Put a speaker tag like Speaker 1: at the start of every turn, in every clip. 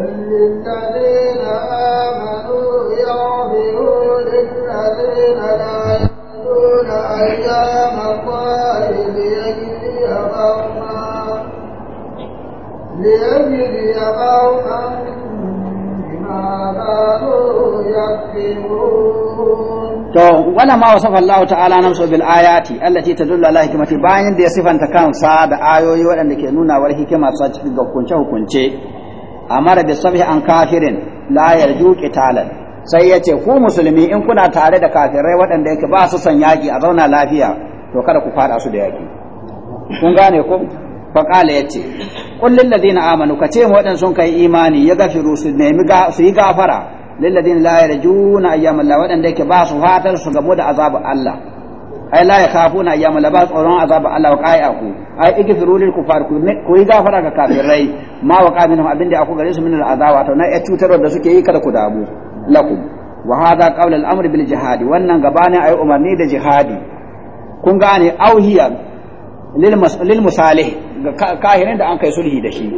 Speaker 1: للذين
Speaker 2: To, wannan ma wasafa Allah ta'ala namsu bil ayati allati tadullu ala hikmati bayan da ya sifanta kansa da ayoyi waɗanda ke nuna war hikima su cikin hukunce hukunce amara bi sabhi an kafirin la yarju qitalan sai yace ku musulmi in kuna tare da kafirai waɗanda yake ba su son yaki a zauna lafiya to kada ku fada su da yaki kun gane ko fa qala yace qul lil ladina amanu ka ce mu waɗanda sun kai imani ya gafiru su nemi su yi gafara lil ladina la yarjuna ayyamallah waɗanda yake ba su fatar su gabo da azabu Allah ai la ya kafu na ya malaba tsoron azaba Allah wa qai'a ku ai igfiru lil kufar ku ne ku yi gafara ga kafirai ma wa qaminhum abinda aku gare su min al azaba to na ya cutarwa da suke yi kada ku damu lakum wa hadha qawl al amr bil jihad wannan gabanin ai umarni da jihadi kun gane auhiya lil musalih ga kahirin da an kai sulhi da shi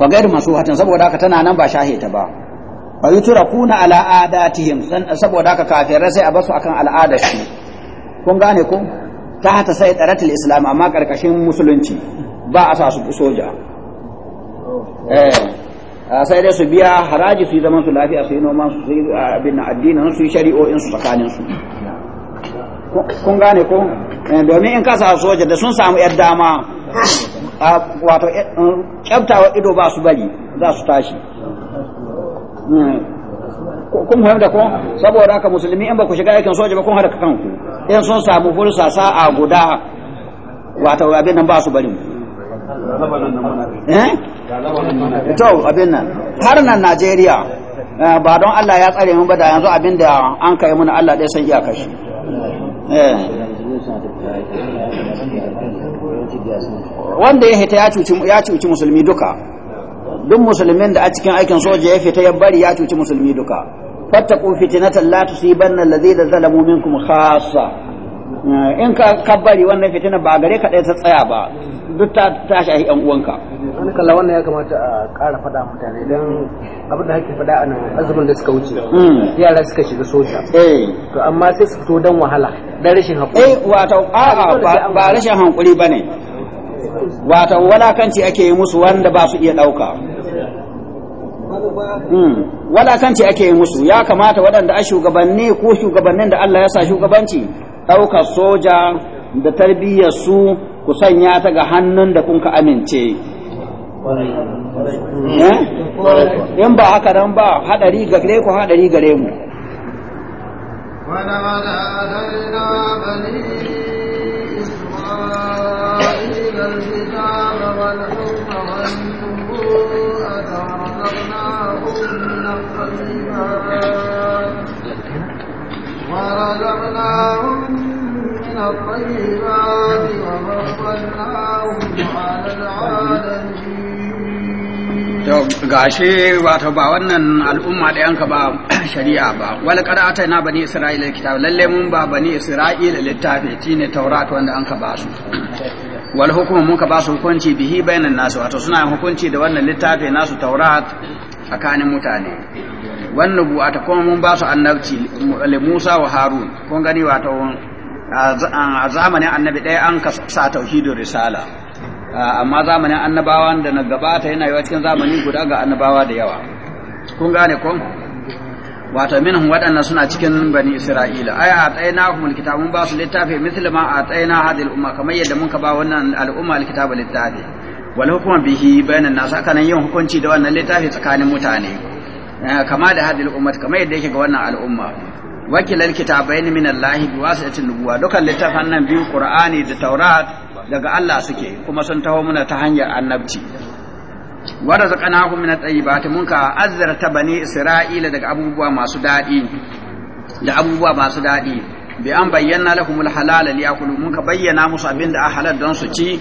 Speaker 2: fa gairu hatan saboda ka tana nan ba shahita ba fa tura kuna ala adatihim saboda ka kafirai sai a basu akan al'adar shi kun gane ko ta hata sai tsaratul islam amma karkashin musulunci ba a sa su soja eh sai dai su biya haraji su yi zaman su lafiya su yi noman su yi abin addinin su yi shari'o'in su tsakanin su kun gane ko eh, domin in ka sa soja da sun samu yar dama wato kyaftawa eh, ido ba su bari za su tashi hmm. kun fahimta ko saboda haka musulmi in ba ku shiga aikin soja ba kun harka kanku in sun samu fursa sa'a guda wata abin nan ba su bari eh? to abin nan har nan Najeriya eh, ba don Allah ya tsare mun ba da yanzu abin da an kai mun Allah dai san iya shi eh. wanda ya hita ya cuci musulmi duka duk musulmin da a cikin aikin soja ya fita ya bari ya cuci musulmi duka fattaku fitnatan la tusibanna alladhina zalamu minkum khassa eh, in ka kabbari wannan fitina ba gare ka dai ta tsaya ba duk ta tashi a yan uwanka an kalla wannan ya kamata a ƙara faɗa mutane don abin da kake faɗa a nan azumin da suka wuce hmm. yara suka shiga soja eh. to amma sai su fito don wahala don rashin haƙuri eh wato a'a ba rashin haƙuri bane wato kanci ake yi musu wanda ba su iya ɗauka Hmm. ce ake yi musu ya kamata waɗanda a shugabanni ko shugabannin da Allah ya sa shugabanci ɗaukar soja da tarbiyyar su ku sanya ta ga hannun da kun amince eh? in ba haka nan ba haɗari gare ku haɗari gare mu Gashe gashi wato ba wannan al'umma da yanka ba shari'a ba kada qad na bani isra'ila kitab lalle mun ba bani isra'ila littafi ne taurat wanda anka ba su wal hukuma mun ka ba su hukunci bihi bainan nasu wato suna hukunci da wannan littafi nasu taurat tsakanin mutane wannan bu'ata kuma mun ba su annabci li Musa wa Harun kun gani wato a zamanin annabi ɗaya an ka sa tauhidin risala amma zamanin annabawan da na gabata yana yawa cikin zamani guda ga annabawa da yawa kun gane kun wato minhum waɗannan suna cikin bani isra'ila ay ataina humul kitab mun ba su littafi misli ma ataina hadhihi umma kamar yadda mun ka ba wannan al'umma alkitab littafi wal hukma bihi bainan nas aka nan yin hukunci da wannan littafi tsakanin mutane eh, kama da hadhihi ummat kamar yadda yake ga wannan al'umma wakil alkitabaini min Allah bi wasi'atin nubuwa dukan littafan nan biyu qur'ani da taurat daga Allah suke kuma sun taho muna ta hanyar annabci wa razaqnahum min at-tayyibati mun ka azzarta bani isra'ila daga abubuwa masu dadi da abubuwa masu dadi bi an bayyana lahumul halala liyakulu mun ka bayyana musu abin da halal don su ci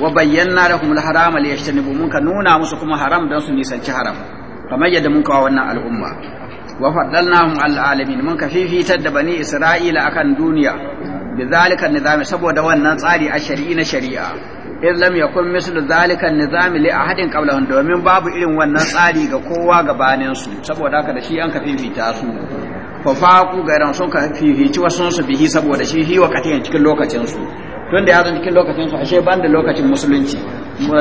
Speaker 2: wa bayyana lahumul harama liyajtanibu mun ka nuna musu kuma haram don su nisanci haram kamar yadda mun kawo wannan al'umma wa faddalnahum al alamin mun ka fifitar da bani isra'ila akan duniya bi zalika nizami saboda wannan tsari a shari'a na shari'a in lam yakun mislu zalika nizami li ahadin qablahum domin babu irin wannan tsari ga kowa gabanin su saboda haka da shi an ka fifita su fa faqu gairan sun ka fifici wasu su bihi saboda shi hi wakatin cikin lokacin su tunda ya zo cikin lokacin su ashe banda lokacin musulunci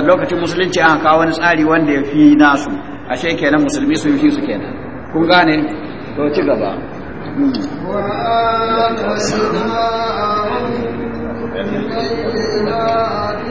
Speaker 2: lokacin musulunci an kawo wani tsari wanda ya fi nasu ashe kenan musulmi sun fi su kenan kun gane to ci gaba
Speaker 1: وآتيناهم
Speaker 3: hmm. من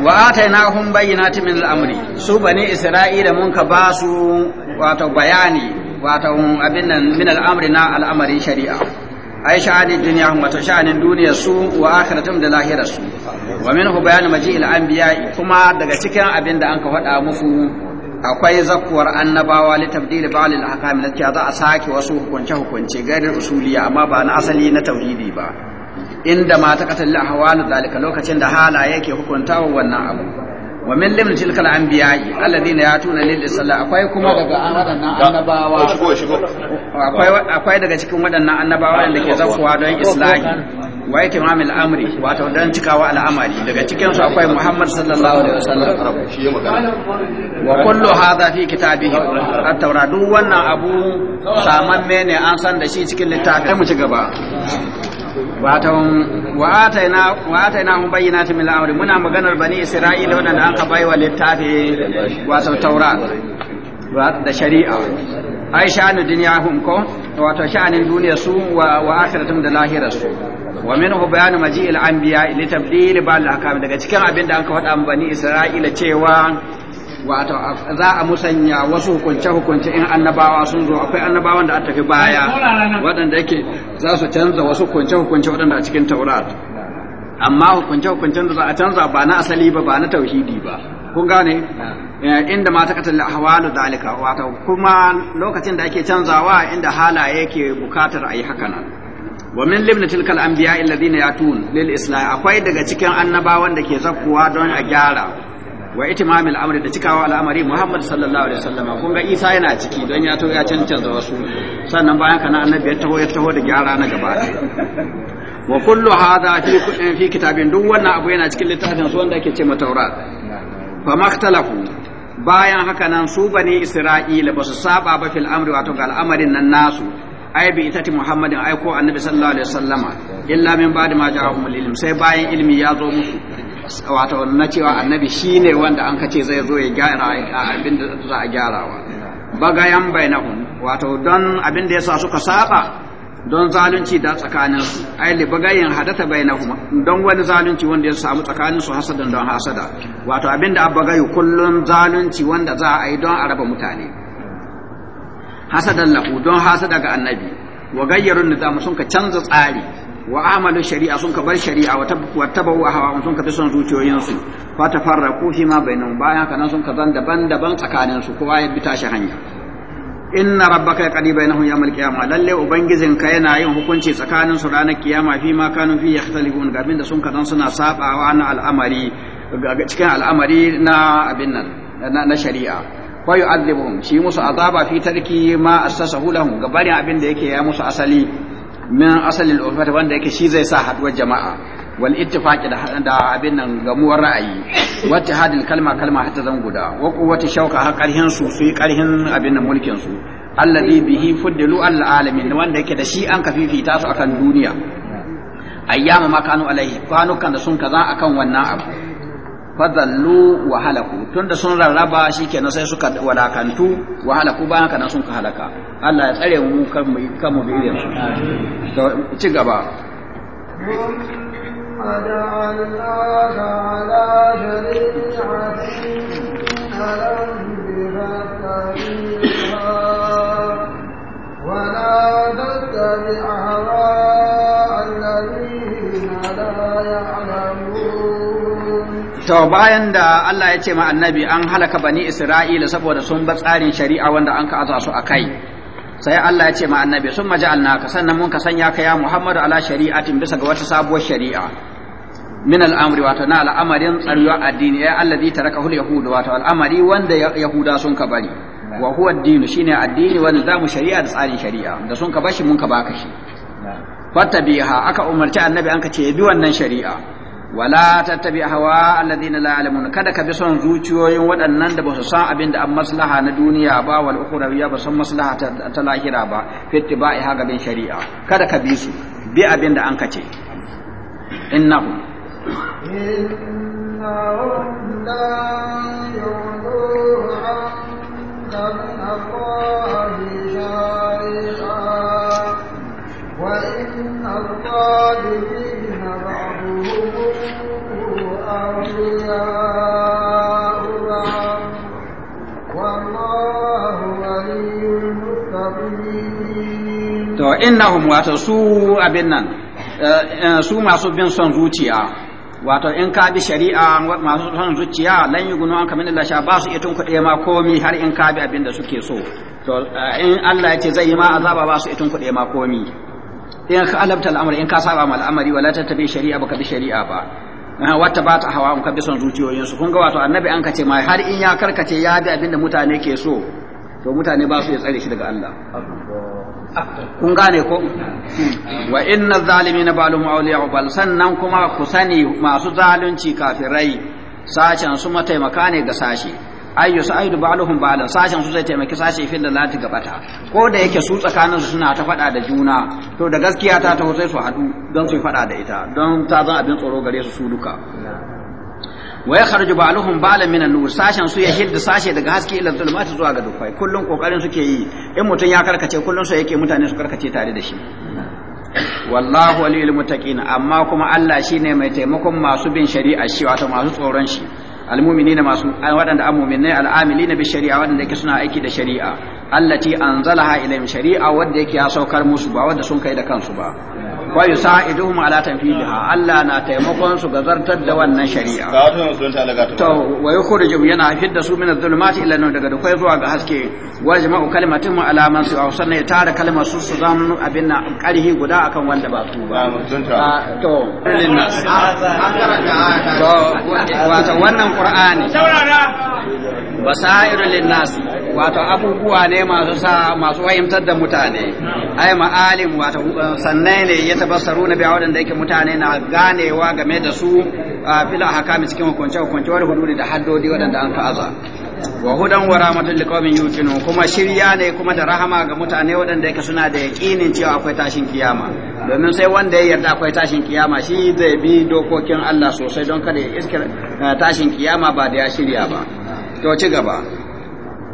Speaker 2: wa atainahum bayyinatin min al-amri su bani isra'ila mun ka basu wato bayani wato abin nan min al-amri na al'amarin shari'a sha'ani dunya duniya wato sha'anin duniyar su wa akhiratum da lahirar su wa minhu maji maji'il anbiya kuma daga cikin abin da an ka faɗa musu akwai zakkuwar annabawa li tabdil ba'al al-ahkam za a sake wasu hukunce hukunce gairin usuliya amma ba na asali na tauhidi ba inda ma ta katalli ahwalu dalika lokacin da halaye yake hukuntawa wannan abu wa min limin tilkal anbiya'i alladhina yatuna lil salla akwai kuma daga waɗannan annabawa akwai akwai daga cikin waɗannan annabawa wanda ke zakuwa don islahi wa itimamil amri wato don cikawa al'amari daga cikin su akwai Muhammad sallallahu alaihi wasallam wa kullu hadha fi kitabihi at-taurat duk wannan abu saman ne an san da shi cikin littafin mu ci gaba wa wa'ataina wa'ataina hum bayyinatin min al-amri muna maganar bani isra'ila wadanda an ka baiwa littafi wato taura da shari'a ai sha'anu dunyahum ko wato sha'anin duniya su wa wa akhiratum da lahirar su wa minhu bayanu maji'il anbiya li tabdil bal ahkam daga cikin abin da an ka mu bani isra'ila cewa wato za a musanya wasu hukunce-hukunce in annabawa sun zo akwai annabawan da aka fi baya waɗanda yake za su canza wasu hukunce-hukunce waɗanda a cikin taurat amma hukunce-hukuncen da za a canza ba na asali ba ba na tauhidi ba kun gane eh, inda ma takatar ahwalu dalika wato kuma lokacin da ake canzawa inda halaye ke bukatar a yi haka nan wa min libna tilkal anbiya alladhina yatun lil islah akwai daga cikin annabawan da ke zakkuwa don a gyara wa itimamil amri da cikawa al'amari Muhammad sallallahu alaihi wasallam kun ga Isa yana ciki don ya to ya cancanta wasu sannan bayan kana annabi ya taho ya taho da gyara na gaba wa kullu hadha fi fi kitabin duk wannan abu yana cikin littafin su wanda ake cewa ma fa makhtalafu bayan haka nan su bani Isra'ila ba su saba ba fil amri wato ga al'amarin nan nasu ai bi itati muhammadin ai ko annabi sallallahu alaihi wasallama illa min ba'di ma ja'ahum ilm sai bayan ilmi ya zo musu wato na cewa annabi shi ne wanda an kace zai zo ya gyara abin da za a gyarawa bagayan bainahum wato don abin da yasa suka saba don zalunci da tsakanin su ai li bagayin hadata bainahum don wani zalunci wanda ya samu tsakanin su hasadan don hasada wato abin da abagayu kullun zalunci wanda za a yi don a raba mutane hasadan lahu don hasada ga annabi wa gayyarun nizam sun ka canza tsari wa amalu shari'a sun ka bar shari'a wa tabawu hawa sun ka bi son zuciyoyinsu fa tafarraqu fi ma bainahum bayan haka nan sun ka zan daban-daban tsakanin kowa ya bi tashi hanya inna rabbaka yaqdi bainahum yawmal qiyamah lalle ubangijin ka yana yin hukunci tsakanin su ranar kiyama fi ma kanu fi yakhtalifun ga da sun ka zan suna sabawa na al'amari cikin al'amari na shari'a fa yu'adhibuhum shi musu azaba fi tarki ma assasahu lahum gabarin abin da yake ya musu asali min asalin ufata wanda yake shi zai sa haduwar jama'a wal ittifaqi da abin nan gamuwar ra'ayi wata hadin kalma kalma hatta zan guda wa quwwati shauka har karhin su su yi karhin abin nan mulkin su alladhi bihi fuddilu al alamin wanda yake da shi an kafifita su akan duniya ayyama ma kanu alaihi kwanukan da sun kaza akan wannan abu fadallu wa halaku tunda sun rarraba shikenan sai suka walakantu wa halaku bayan kana sun ka halaka Allah ya tsare mu kan mu kan mu biyan su ci gaba to bayan da Allah ya ce ma annabi an halaka bani Isra'ila saboda sun bar tsarin shari'a wanda an ka'aza su a kai sai Allah ya ce ma annabi sun maja'alnaka sannan mun ka sanya ka ya Muhammadu ala shari'atin bisa ga wata sabuwar shari'a min al'amri wato na al'amarin tsariwa addini ya allazi taraka hul yahudu wato al'amari wanda yahuda sun ka bari wa huwa addini shine addini wanda zamu shari'a da tsarin shari'a da sun ka bashi mun ka baka shi fattabiha aka umarci annabi an ka ce bi wannan shari'a wala tattabi hawa alladhina na ya'lamun kada ka bi son zuciyoyin waɗannan da ba su san abin da an maslaha na duniya ba wal ukhrawiyya ba san maslaha ta lahira ba fi ittiba'i ha gaban shari'a kada ka bi su bi abin da an kace innahu
Speaker 1: innahum la أولياؤها
Speaker 2: to innahum wato su abin nan eh, eh, su masu bin son zuciya wato in ka bi shari'a masu son zuciya lan yi gunuwan kamar da sha ba su iya tun kuɗe ma komi har in ka bi abin da suke so to eh, in Allah ya ce zai yi ma azaba ba su iya tun kuɗe ma komi in ka alabta al'amari in ka saba ma al'amari wala tattabi shari'a baka bi shari'a ba wata ba ta hawa an ka bisan zuciyoyinsu kun ga wato annabi an ka ce ma har in ya karkace ya bi abinda mutane ke so to mutane ba su ya tsare shi daga Allah kun gane ko wa inna zalimina ba'dhum awliya'u bal sannan kuma ku sani masu zalunci kafirai sashen su mataimaka ne ga sashe ay yusaidu ba'luhum ba'lan sashen su zai taimaki sashe fil lati gabata ko da yake su tsakanin su suna ta fada da juna to da gaskiya ta taho sai su hadu don su fada da ita don ta zan abin tsoro gare su su duka wa ya kharju ba'luhum ba'lan min an-nur sashen su ya hidda sashe daga haske ila zulmati zuwa ga dukkai kullun kokarin suke yi in mutun ya karkace kullun sa yake mutane su karkace tare da shi wallahu waliyul muttaqin amma kuma Allah shine mai taimakon masu bin shari'a shi wato masu tsoron shi almu'minina masu waɗanda an mu'minai al'amilina bi shari'a waɗanda yake suna aiki da shari'a allati anzalaha ilayhim shari'a wanda yake ya saukar musu ba wanda sun kai da kansu ba wa yusa'iduhum ala tanfidiha Allah na taimakon su ga zartar da wannan shari'a to wa yukhrijuhum yana hidda su min adh-dhulumati ila nur daga kai zuwa ga haske wa jama'u ma ala man su sanna ya tara kalmar su su zamanu abin na karhi guda akan wanda ba su ba ah, to wato wannan qur'ani saurara basairu linnas wato abubuwa ne masu sa masu fahimtar da mutane ai ma'alim wato sannai ne yatabassaru bi awadan da yake mutane na ganewa game da su fil ahkam cikin hukunce hukunce wal hududi da haddodi wadanda an ka aza wa hudan wa rahmatul liqawmin yuqinu kuma shirya ne kuma da rahama ga mutane wadanda yake suna da yaqinin cewa akwai tashin kiyama domin sai wanda ya yarda akwai tashin kiyama shi zai bi dokokin Allah sosai don kada ya iskar tashin kiyama ba da ya shirya ba to ci gaba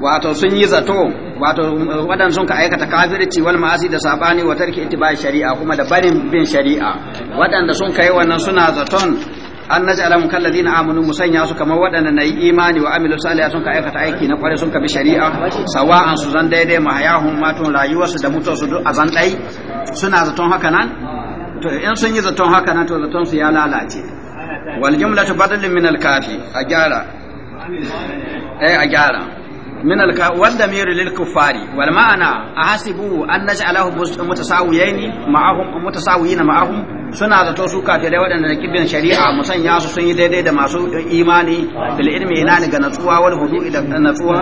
Speaker 2: wato sun yi zato wato eh, wadan sun ka aikata kafirci wal ma'asi da sabani wa tarki ittiba shari'a kuma da barin bin shari'a wadanda sun kai wannan suna zaton an naj'alam kal ladina amanu musanya su kamar wadanda nayi imani wa amilu salihah sun ka aikata aiki na kware sun ka bi shari'a sawa'an su zan daidai mahayahum matun rayuwarsu da mutuwarsu duk a zan dai suna zaton haka nan to in sun yi zaton haka nan to zaton su ya lalace wal jumlatu badalun min al kafi a gyara eh a gyara min alka wanda miru lil kuffari wal ma'ana ahasibu an naj'alahu mutasawiyaini ma'ahum mutasawiyina ma'ahum suna zato su kafirai waɗanda da kibin shari'a musanya su sun yi daidai da masu imani bil ilmi ina ga natsuwa wal hudu'i da natsuwa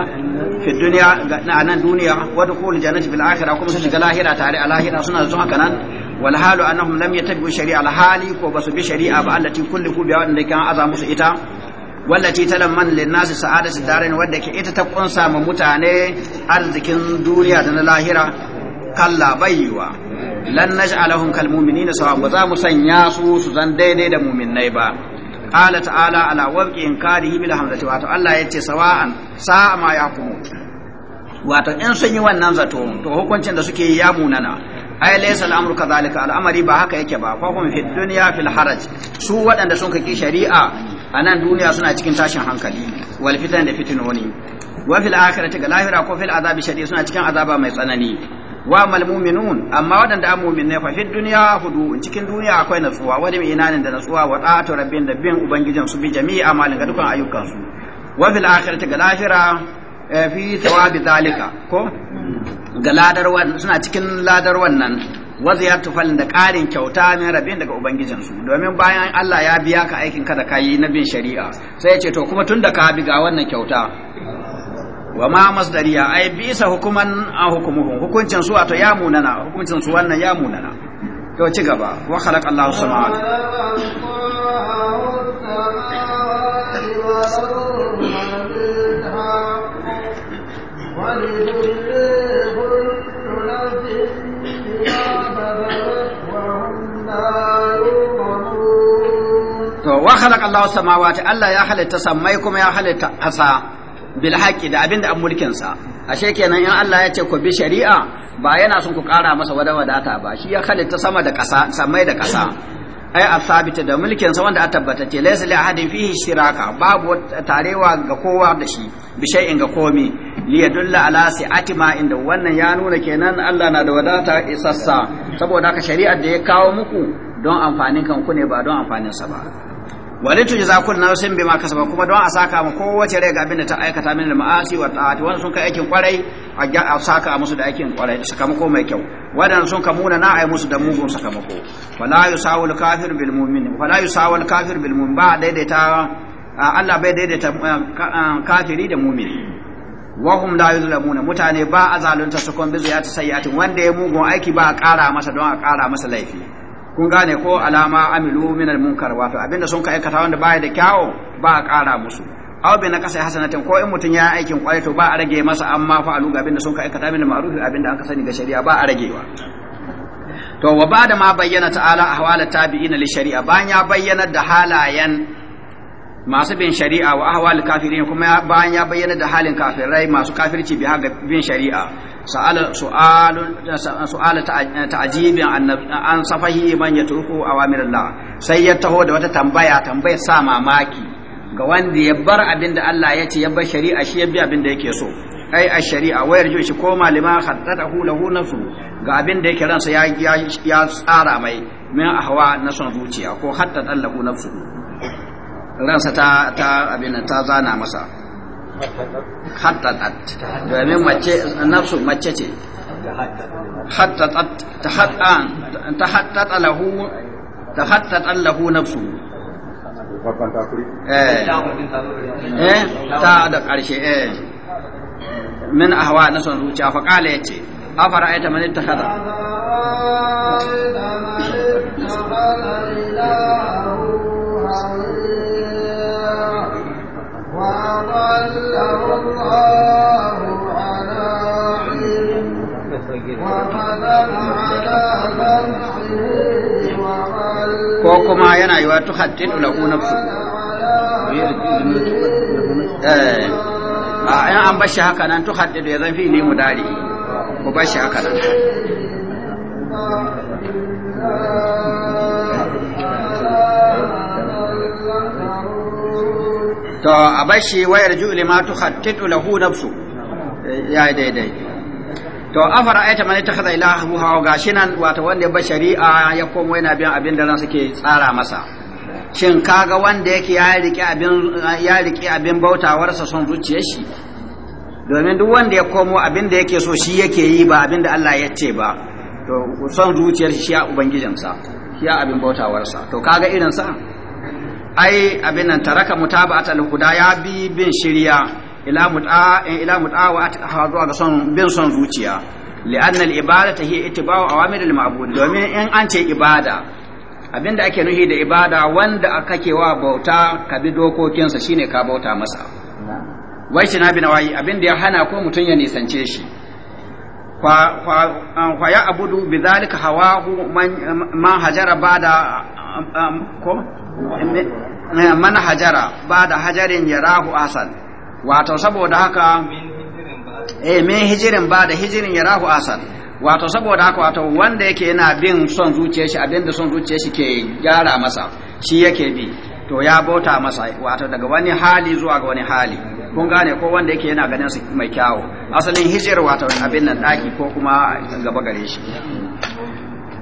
Speaker 2: fi duniya na nan duniya wa dukul jannati bil akhirah kuma su shiga lahira tare a lahira suna zato haka nan halu annahum lam yattabi'u shari'a al hali ba su bi shari'a ba allati kullu ku biya waɗanda aza ita wallati talamman sa'ada sa'adatu darain wadda ke ita ta kunsa ma mutane arzikin duniya da na lahira kalla bayyiwa lan naj'alahum kal mu'minina sawa ba za mu sanya su su zan daidai da mu'minnai ba qala ta'ala ala wabqi inkarihi bil hamzati wa Allah yace sawa'an sa'a ma yakumu wato in sun yi wannan zato to hukuncin da suke yi ya munana ai laysa al'amru kadhalika al'amari ba haka yake ba fa hum fi dunya fil haraj su waɗanda sun kake shari'a a nan duniya suna cikin tashin hankali wal fitan da ne wa fil akhirati ga lahira ko fil azabi shadi suna cikin azaba mai tsanani wa mal mu'minun amma wadanda an ne fa fid dunya hudu cikin duniya akwai natsuwa wani inanin da natsuwa wa ta'atu rabbin da bin ubangijin su bi jami'i amalin ga dukkan ayyukan su wa fil akhirati ga lahira eh, fi thawabi zalika ko ga ladar suna cikin ladar nan. waza ya falin da ƙarin kyauta min rabin daga ubangijinsu domin bayan Allah ya biya ka aikin ka da kayi na bin shari'a sai ya ce to kuma tun da ka bi ga wannan kyauta wa ma masdariya ai bisa hukuman a hukumuhum hukuncin su wato ya munana hukuncin su wannan ya munana to ci gaba wa khalaq Allahu samawati khalaqa Allahu samawati Allah ya halitta sammai kuma ya halitta ƙasa bil haqqi da abinda an mulkin sa ashe kenan in Allah ya ce ku bi shari'a ba yana son ku ƙara masa wada wadata ba shi ya halitta sama da ƙasa samai da ƙasa ai asabita da mulkin sa wanda a tabbata ce laysa li ahadin fihi shiraka babu tarewa ga kowa da shi bi shay'in ga komi li yadulla ala ma inda wannan ya nuna kenan Allah na da wadata isassa saboda haka shari'ar da ya kawo muku don amfanin kanku ne ba don amfanin sa ba walitu jazakun kullu nafsin bima kasaba kuma don a saka mu kowace rai ga abin da ta aikata min da maasi wa ta'ati wannan sun kai aikin kwarai a saka musu da aikin kwarai sakamako mai kyau wadan sun ka muna na ai musu da mugun sakamako wala yusawul kafir bil mu'min wala yusawul kafir bil mu'min ba daidaita Allah bai daidaita kafiri da mu'min wa hum la yuzlamuna mutane ba azalunta su kon bi ziyati sayyati wanda ya mugun aiki ba a kara masa don a kara masa laifi kun gane ko alama amilu min almunkar wato abinda sun ka aikata wanda baya da kyawo ba a ƙara musu aw bi na kasai hasanatin ko in mutun ya aikin kwai to ba a rage masa amma fa alu ga abinda sun ka aikata min ma'ruf abinda an ka sani ga shari'a ba a ragewa to wa ba da ma bayyana ta'ala ahwala tabi'in li shari'a Ba ya bayyana da halayen masu bin shari'a wa ahwal kafirin kuma ba ya bayyana da halin kafirai masu kafirci bi bin shari'a سؤال سؤال سؤال تعجيب عن صفه من يترك أوامر الله سيته da wata tambaya tambaya sa mamaki ga wanda ya bar abin da Allah ya ce ya bar shari'a shi ya bi abin da yake so ai a shari'a wayar jiyo shi ko malima hu lahu nafsu ga abin da yake ransa ya ya tsara mai min ahwa na son zuciya ko haddata lahu nafsu ransa ta ta abin ta zana masa hattatat domin mace nafsu mace ce hattatat ta hattata lahu ta hattata lahu nafsu eh ta da ƙarshe eh min ahwa na son zuciya fa kala yace afara ayta man ittakhadha ko kuma yana yiwa tuhaddid na nafsu eh a an bashi haka nan tuhaddid ya zafi ne mu mudari ku bashi haka nan to a bashi wayar ju'li ma tukhattitu lahu nafsu ya daidai to afara ayata man ittakhadha ilahu hawa shi nan wato wanda ya shari'a ya komo yana bin abin da ran suke tsara masa shin kaga wanda yake ya rike abin ya rike abin bautawarsa son zuciyar shi domin duk wanda ya komo abin da yake so shi yake yi ba abin da Allah ya ce ba to son zuciyar shi ya ubangijinsa shi ya abin bautawarsa to kaga irin sa ai abin nan taraka mutaba'atal huda ya bi bin shirya ila mut'a ila mut'a wa ga son bin son zuciya li'anna al ta hiya ittiba'u awamiril ma'bud domin in an ce ibada abinda ake nuhi da ibada wanda kake wa bauta ka bi dokokinsa shine ka bauta masa wai na bi nawayi abinda ya hana ko mutum ya nisance shi fa ya abudu bi zalika hawahu man hajara bada ko man hajara ba da hajarin yarahu asal wato saboda haka eh min hijirin ba da hijirin yarahu asal wato saboda haka wato wanda yake yana bin son zuciyar shi abinda son zuciyar shi ke gyara masa shi yake bi to ya bauta masa wato daga wani hali zuwa ga wani hali kun gane ko wanda yake yana ganin su mai kyawo asalin hijir wato abin nan daki ko kuma gaba gare shi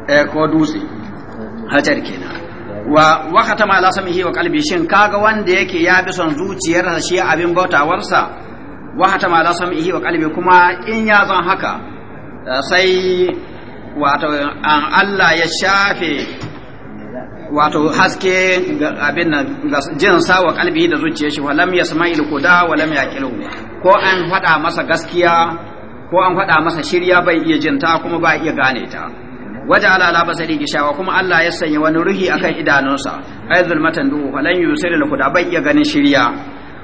Speaker 2: eh ko dutse hajar kenan wa wakata ma lasamihi wa kalbi shin kaga wanda yake ya bi son zuciyar shi abin bautawarsa wakata ma lasamihi wa kalbi kuma in ya zan haka sai wato an Allah ya shafe wato haske abin nan jin sa wa kalbi da zuciyar shi walam yasma'il kuda walam yaqilu ko an faɗa masa gaskiya ko an faɗa masa shirya bai iya jinta kuma ba iya gane ta waja'ala ala basari wa kuma Allah ya sanya wani ruhi akan idanunsa ay zulmatan duhu falan yusirul khuda bai ya ganin shirya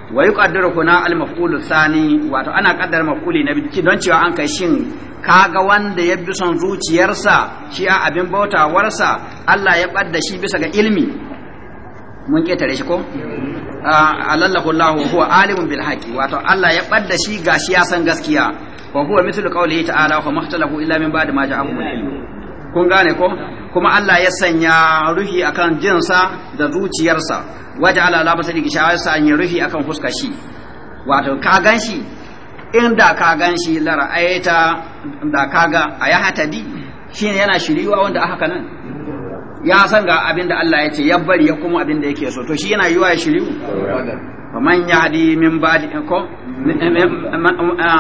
Speaker 2: wa yuqaddiru kuna al maf'ul thani wato ana kaddara maf'uli na biki don cewa an kai shin kaga wanda ya bi son zuciyarsa shi a abin bautawarsa Allah ya badda shi bisa ga ilmi mun ketare shi ko alallahu huwa alimun bil haqi wato Allah ya badda shi gashi ya san gaskiya wa huwa mithlu qawlihi ta'ala wa mahtalafu illa min ba'di ma ja'ahum al kun gane ko kuma Allah ya sanya ruhi akan jinsa da zuciyarsa waje ala la basari gishawa an yi ruhi akan fuska shi wato ka ganshi inda ka ganshi la ra'aita da kaga ayhatadi shine yana shiriwa wanda aka nan ya san ga abin da Allah ya ce ya bari ya kuma abin da yake so to shi yana yiwa ya shiriu faman yahdi min ba'di ko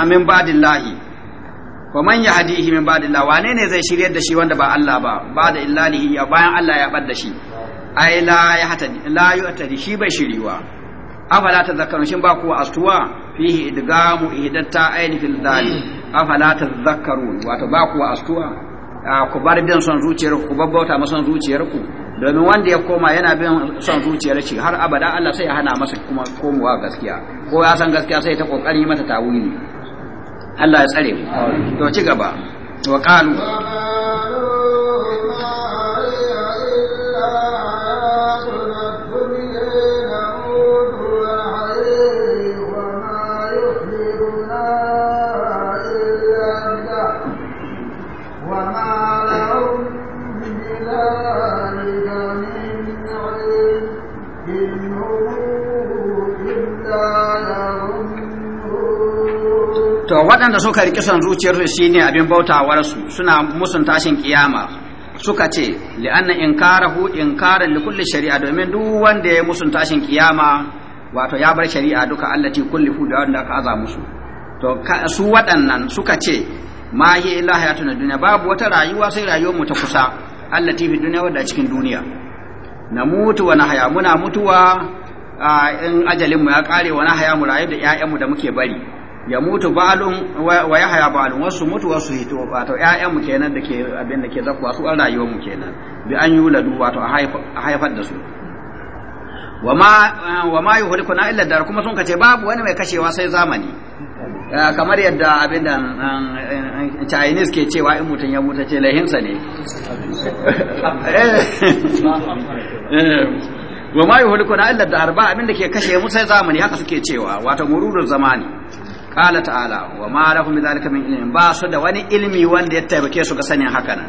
Speaker 2: min ba'dillahi wa man yahdihi min ba'dillah wane ne zai shiryar da shi wanda ba Allah ba ba da illahi ya bayan Allah ya bar da shi ai la ya hatadi la yu'tadi shi bai shiriwa afala tadhakkarun shin ba ku astuwa fihi idgamu ta ayni fil dali afala tadhakkarun wato ba ku astuwa ku bar bin son zuciyar ku babbauta ma son zuciyar ku domin wanda ya koma yana bin son zuciyar shi har abada Allah sai ya hana masa kuma komowa gaskiya ko ya san gaskiya sai ta kokari mata tawili Allah ya tsare mu to ci gaba wa qalu
Speaker 1: wa waɗanda suka riƙi son
Speaker 2: zuciyarsu shine abin bautawarsu suna musun tashin kiyama suka ce anna inkarahu inkaran li kulli shari'a domin duk wanda ya musun tashin kiyama wato ya bar shari'a duka Allah allati kulli fu da wanda aka aza musu to su waɗannan suka ce ma hi illa duniya babu wata rayuwa sai rayuwar mu ta kusa Allah fi duniya wadda cikin duniya na mutu wa haya muna mutuwa in ajalin mu ya kare wa nahaya mu rayu da ƴaƴan mu da muke bari ya mutu ba'alun wa ya haya ba'alun wasu mutu wasu hito wato ƴaƴan mu kenan da ke abin da ke zakwa su an rayuwar mu kenan bi an yuladu wato a haifar da su wa ma wa ma na illa dar kuma sun kace babu wani mai kashewa sai zamani kamar yadda abin da um, Chinese ke cewa in mutum ya mutu ce lahinsa ne eh, wa ma na illa dar ba abin da ke kashe mu sai zamani haka suke cewa wato mururun zamani qala ta'ala wa ma lahum zalika min ilmin ba su da wani ilmi wanda ya taimake su ga sanin haka nan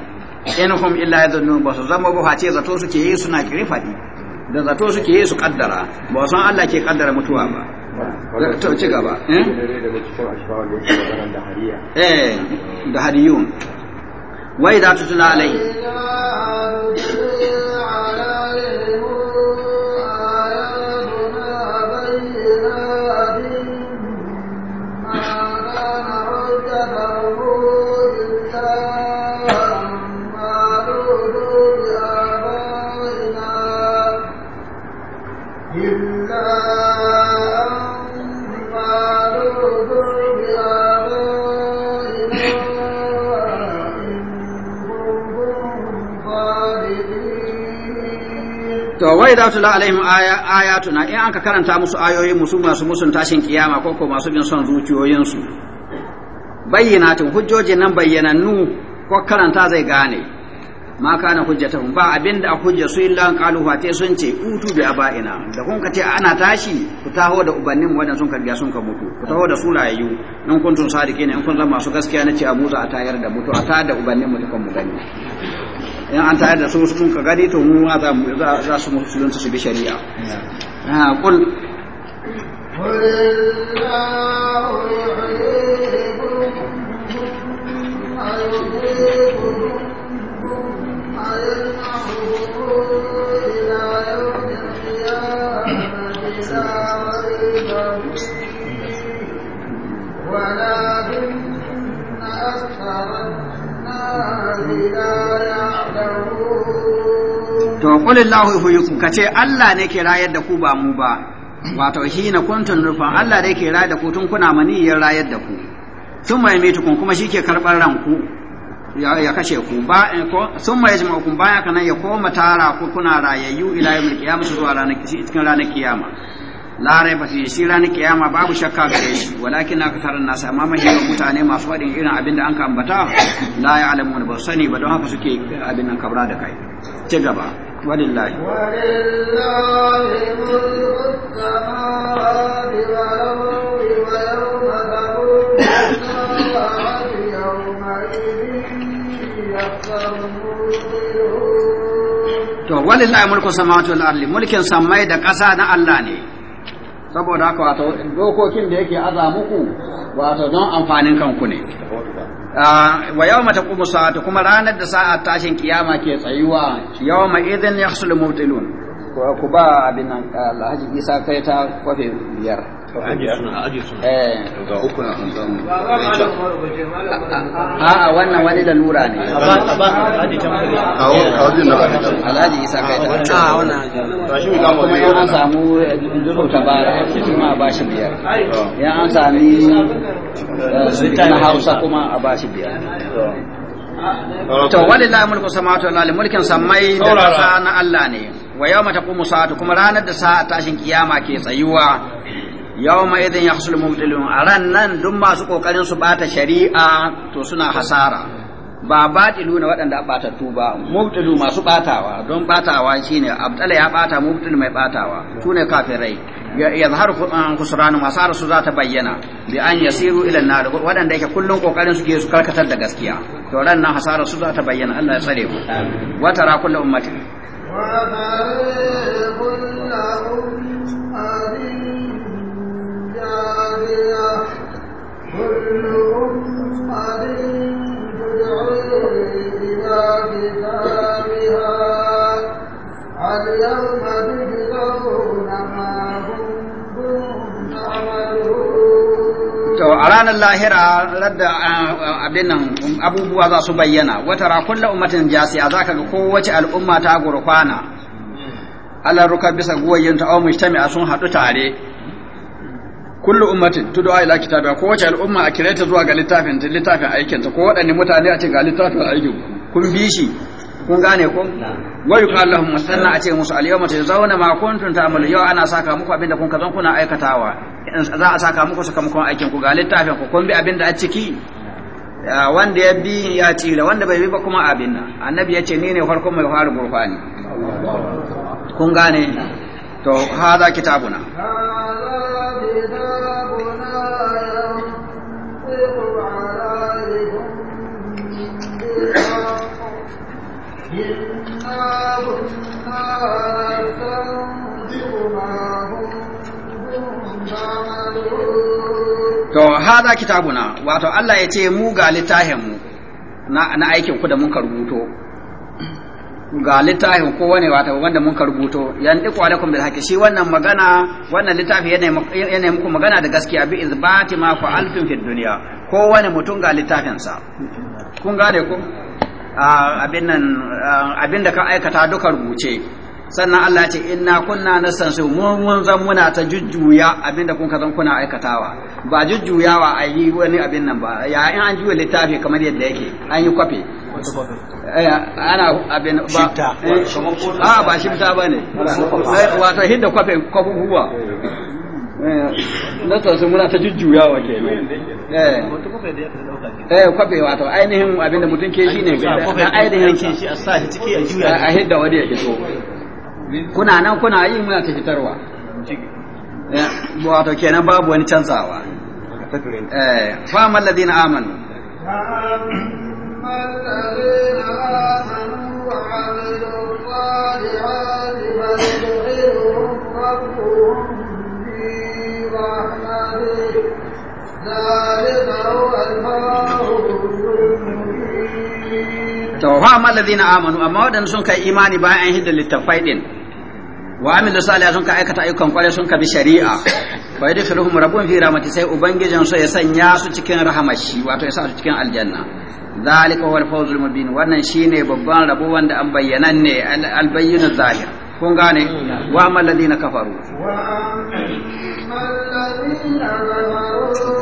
Speaker 2: in hum illa yadhunnun ba su zama ba ce zato suke yi suna kirfadi da zato suke yi su kaddara ba san Allah ke kaddara mutuwa ba to ci gaba eh, eh da hadiyun wai da tutuna alai
Speaker 1: to wai da tula alaihim
Speaker 2: ayatuna in anka karanta musu ayoyin musu masu musun tashin kiyama ko ko masu bin son zuciyoyin su tun hujjojin nan bayyanannu ko karanta zai gane ma kana hujjatahum ba abinda a hujja su illa an qalu sun ce utu bi abaina da kun kace ana tashi ku taho da ubannin wadan sun karbiya sun ka mutu ku taho da surayayyu nan kuntun sadike ne in kun zama masu gaskiya nace a muza a tayar da mutu a tada da ubannin mu dukan mu gani in an tayar da su sun ka gani to mu za su musulunci su bi shari'a ha ah, kul
Speaker 1: قل الله
Speaker 2: to qulillahu yuhyikum kace Allah ne ke rayar da ku ba mu ba wato hina kuntun rufa Allah ne ke rayar da ku tun kuna maniyyar rayar da ku sun mai tukun kuma shi ke karɓar ranku ya kashe ku ba sun eh, mai jima kun baya kana ya koma tara ku kuna rayayyu ila yawmil qiyamah zuwa ranar cikin ranar kiyama la raiba fi shi ranar kiyama babu shakka gare shi walakin akthar an nasa amma mai mutane masu fadin irin abin da an ka ambata la ya'lamuna ba sani ba don haka suke abin nan kabra da kai ci gaba walillahi to walillahi mulku samawati wal ardi mulkin samai da ƙasa na Allah ne saboda haka dokokin da yake aza muku wato don amfanin kanku ne Ah, wa yawma taqumu sa'atu kuma ranar da sa'a tashin kiyama ke tsayuwa yawma idhin yahsul mubtilun ku ba abin alhaji isa kai ta kofe biyar Eh,
Speaker 1: A'a wannan wani lura ne.
Speaker 2: Alhaji Isa kai eh, ta. da. A wannan Kuma in an samu duruta bara kuma a bashi biyar. In an sami eh, na Hausa kuma a bashi biyar. to walillahi mulku samawati wal mulkin samai da kasa na Allah ne wa yau mata taqumu sa'atu kuma ranar da sa'a tashin kiyama ke tsayuwa Yau yawma idin yahsul mubtilun ran nan duk masu kokarin su bata shari'a to suna hasara ba batilu na waɗanda batattu ba mubtilu masu batawa don batawa shine abdala ya bata mubtil mai batawa ne kafirai yazhar khusran masara su za ta bayyana bi an yasiru ila nar waɗanda yake kullun kokarin su ke su karkatar da gaskiya to ran nan hasara su za ta bayyana Allah ya tsare ku wata ra kullu ummatin a ranar lahira radda abin nan abubuwa za su bayyana wata rakulla ummatin jasi a zaka ga kowace al'umma ta gurfana allah ruka bisa guwayin ta au mujtami'a sun haɗu tare kullu ummatin tud'a ila kitabiha ko wace al'umma a ta zuwa ga littafin ta littafin aikin ta ko wadanne mutane a ce ga littafin aikin kun bi shi kun gane ko wa yuqalu lahum musanna a ce musu al yawma tazawna ma kuntum ta'malu yau ana saka muku abinda kun kazan kuna aikatawa za a saka muku sakamakon aikin ku ga littafin ku kun bi abinda a ciki wanda ya bi ya tsira wanda bai bi ba kuma abin nan annabi ya ce ni ne farkon mai fara gurfani kun gane to hada kitabuna To, haza kitabuna, wato Allah ya ce mu ga mu na aikin ku da mun rubuto. Ga littafin ko wane wato wanda mun rubuto, yan ɗiku alaikum bil haqqi shi wannan magana, wannan littafi yana muku magana da gaskiya bi izbati ma fa'altum fid dunya. Ko wani mutum ga littafinsa. Kun gane ku. abin nan abin da ka aikata duka rubuce sannan Allah ce inna kunna nasansu mu mun zan muna ta jujjuya abin da kun zan kuna aikatawa ba jujjuyawa a yi wani abin nan ba ya in an juya littafi kamar yadda yake an yi kwafe eh, ana abin ba shi eh, ba shifta bane wato hidda kwafe kwafuwa eh. na eh, sun muna ta jujjuyawa ke eh eh kwafe wato ainihin abinda mutum ke shi ne na ainihin ke shi a sa shi ciki a juya a hidda wani ya fito kuna nan kuna yi muna ta fitarwa eh, wato kenan babu wani canzawa eh fa mal amanu الذين آمنوا
Speaker 1: وعملوا الصالحات
Speaker 2: to fa amma alladhina amanu amma wadanda sun kai imani bayan an hidda littafai din wa amilu salih sun kai aikata ayyukan kware sun ka bi shari'a fa yadkhuluhum rabbun fi rahmati sai ubangijin su ya sanya su cikin rahamashi wato ya sa su cikin aljanna zalika wal fawzul mubin wannan shine babban rabo wanda an bayyana ne bayyinu zahir kun gane wa amma ladina kafaru wa amma
Speaker 1: ladina kafaru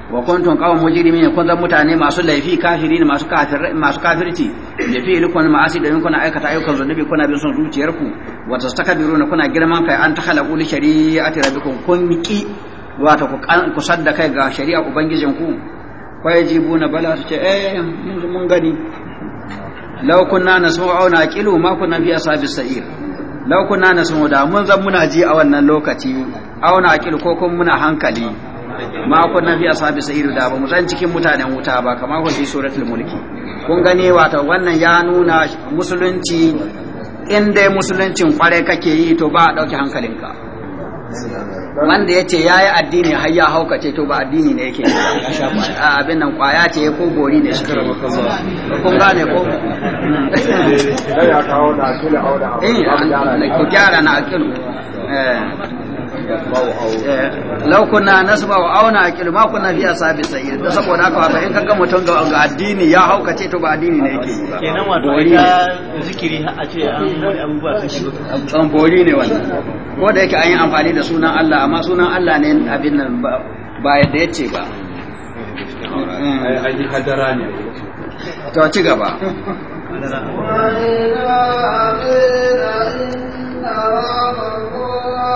Speaker 2: wa kuntum qawmun mujrimin kun zan mutane masu laifi kafirin masu kafir masu kafirci da fi ilkun ma'asi da kuna aikata ayyukan zunubi kuna bin son zuciyarku wa tastakbiruna kuna girman kai an takhalaqu li shari'ati rabbikum kun ki wato ku sadda kai ga shari'a ku kai jibuna bala su ce eh mun gani law kunna nasu aw naqilu ma kunna fi asabi sa'ir law kunna nasu da mun zan muna ji a wannan lokaci auna naqilu ko kun muna hankali ma kunna fi asabi sa'ir da ba mu zan cikin mutanen wuta ba kamar kun fi suratul mulki kun gane wato wannan ya nuna musulunci in dai musuluncin kware kake yi to ba a dauki hankalinka wanda ya ce ya yi addini har ya haukace to ba addini ne yake a abin nan kwaya ce ko gori ne shi kun gane ko eh, ku gyara na akilu eh. Eh, law kunna nasma'u aw na'qilu ma kunna fi ashabi sa'ir da saboda haka wato in kaga mutum ga addini ya haukace to ba addini ne yake yi ba kenan wato ita zikiri a ce an abubuwa sun shigo an bori ne wannan ko da yake an yi amfani da sunan Allah amma sunan Allah ne abin nan ba yadda yace ba ai hadara ne to ci gaba
Speaker 1: وإذا أمين إن ربك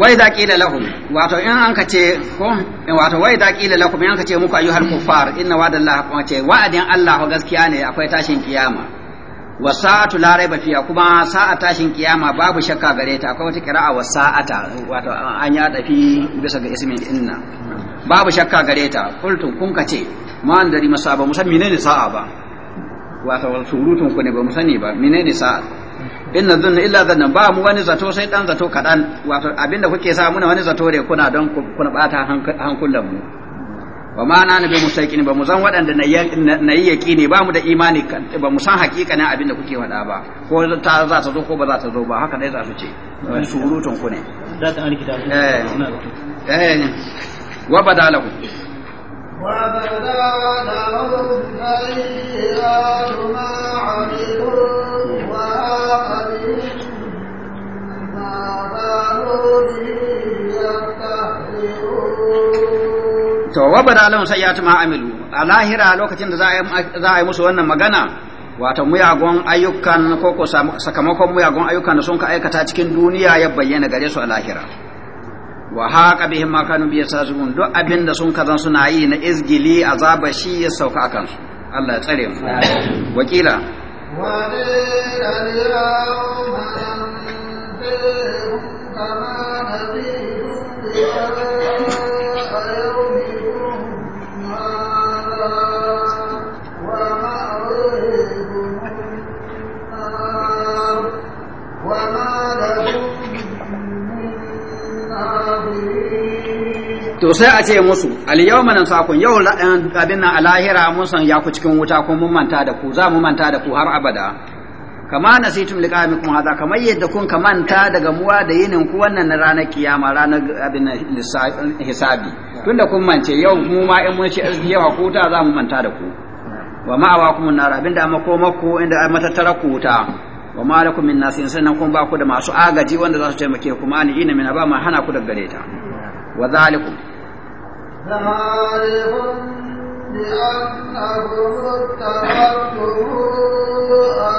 Speaker 2: wai za ƙila lahum wato in an ka ce ko wato wai za ƙila lahum in an ka ce muku ayyuhal kuffar inna Allah kuma ce wa'adin Allah gaskiya ne akwai tashin kiyama wa sa'atu la raiba fiha kuma sa'a tashin kiyama babu shakka gare ta akwai wata kira'a wa sa'ata wato an ya dafi bisa ga ismin inna babu shakka gare ta qultum kun ka ce ma an dari masaba musan menene sa'a ba wato surutun ku ne ba musani ba menene sa'a inna zunna illa zanna ba mu wani zato sai dan zato kadan wato abinda kuke sa muna wani zato ne kuna don kuna bata hankulan mu wa ma na nabi mustaqin ba mu san waɗanda na yi yaqini ba mu da imani ba mu san ne abinda kuke faɗa ba ko ta za ta zo ko ba za ta zo ba haka dai za su ce wani surutun ku ne za ta eh eh wa badalahu وبدا
Speaker 1: لهم سيئات ما عملوا
Speaker 2: to wa bada ya sayyi'atu ma amilu a lahira lokacin da za a yi musu wannan magana wata muyagon ayyukan ko ko sakamakon muyagon ayyukan da sun ka aikata cikin duniya ya bayyana gare su a lahira wa haka bihim ma bi duk abin da sun kazan suna yi na izgili azaba shi ya sauka akan su Allah ya tsare mu wakila wa to sai a ce musu yau nan sakon yau abin nan a lahira mun san ya ku cikin wuta ko mun manta da ku za mu manta da ku har abada kama nasitum kuma hadha kamar yadda kun kamanta daga muwa da yinin ku wannan na ranar kiyama ranar abin hisabi tunda kun mance yau mu ma in mun ce yawa ku ta za mu manta da ku wa ma'awakum nar abinda da ko mako inda matattara ku ta wa ma lakum min nasin sannan kun ba ku da masu agaji wanda za su taimake ku ma ni ina mina ba ma hana ku daga gare ta wa zalikum
Speaker 1: ذلكم بأنكم اتخذتم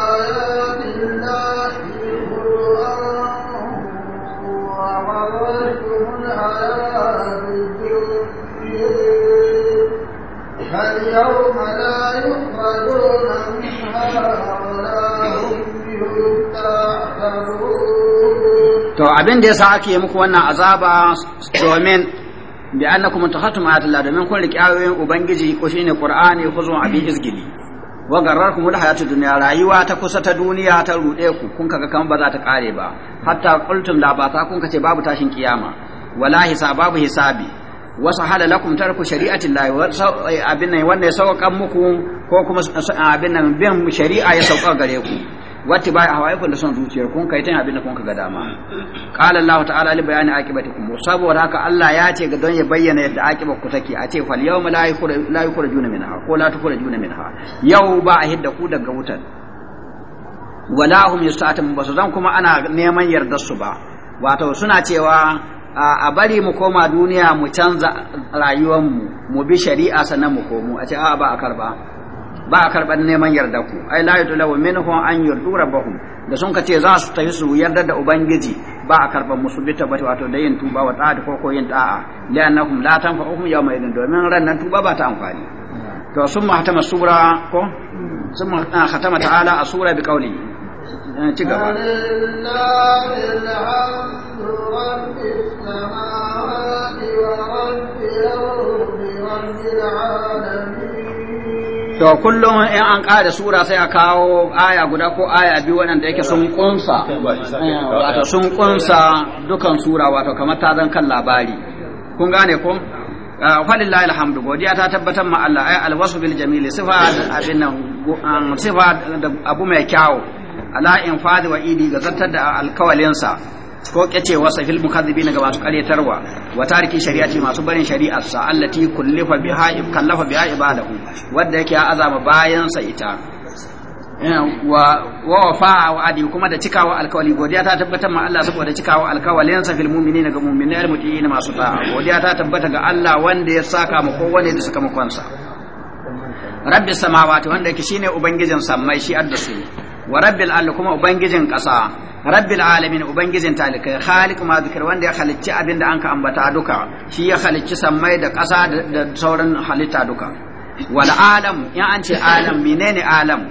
Speaker 1: لا
Speaker 2: to abin da ya yasa ake muku wannan azaba domin bi annakum tahatum ayatillah domin kun riƙe ayoyin ubangiji ko shine qur'ani khuzun abin izgili wa gararkum al hayatu dunya rayuwa ta kusa ta duniya ta rude ku kun kaga kan ba za ta kare ba hatta qultum la ba ta kun kace babu tashin kiyama wala hisa. babu hisabi wasu hala lakum tarku shari'atin lahi eh, abin nan wanda ya sauƙa muku ko kuma eh, abin nan bin shari'a ya sauka gare ku wata ba hawaikun da son zuciyar kun kai tan abin da kun ka ga dama qala allah ta'ala li bayani aqibatikum saboda haka allah ya ce ga don ya bayyana yadda akibar ku take a ce fal yawma la min minha ko la min minha yau ba a hidda ku daga wutar wala hum ba su. zan kuma ana neman yardar su ba wato suna cewa a bari mu koma duniya mu canza rayuwar mu bi shari'a sannan mu komo a ce a ba a karba ba a karban neman yarda ku ai la yudlawu minhum an yurdu rabbahum da sun ka ce za su tafi su yarda da ubangiji ba a karba musu bi tabbata wato da yin tuba wa ta'ati ko ko yin ta'a li'annahum la tanfa'uhum yawma idin domin ran tuba ba ta amfani to sun hatama sura ko sun ah, hatama ta'ala a sura bi qawli eh, ci gaba To kullum in an kada sura sai a kawo aya guda ko aya biyu waɗanda yake sun ƙunsa, wato sun ƙunsa dukan sura wato kamar ta zan kan labari. Kun gane ko? Falillahi ah, alhamdu godiya ta tabbatar ma Allah ai alwasu bil jamili sifa abin nan sifa abu mai kyawu ala infadi wa idi ga zartar da alkawalinsa ko kace wasa fil mukadzibin ga masu karyatarwa wa tariki shari'ati masu barin shari'a sa allati kullifa biha kallafa biha ibadahu wanda yake ya azama bayan sa ita eh, wa wafa wa adi kuma da cikawa alkawali godiya ta tabbatar ma Allah saboda cikawa alkawalin sa fil mu'minina ga mu'minai mutiina masu ta'a godiya ta tabbata ga Allah wanda ya saka mu kowane da mu kansa rabbi samawati wanda yake shine ubangijin sammai shi addasu wa rabbil al kuma ubangijin ƙasa rabbil alamin ubangijin talikai khaliq ma zikir wanda ya halicci abin da anka ambata duka shi ya halicci sammai da ƙasa da sauran halitta duka wal alam in an ce alam menene alam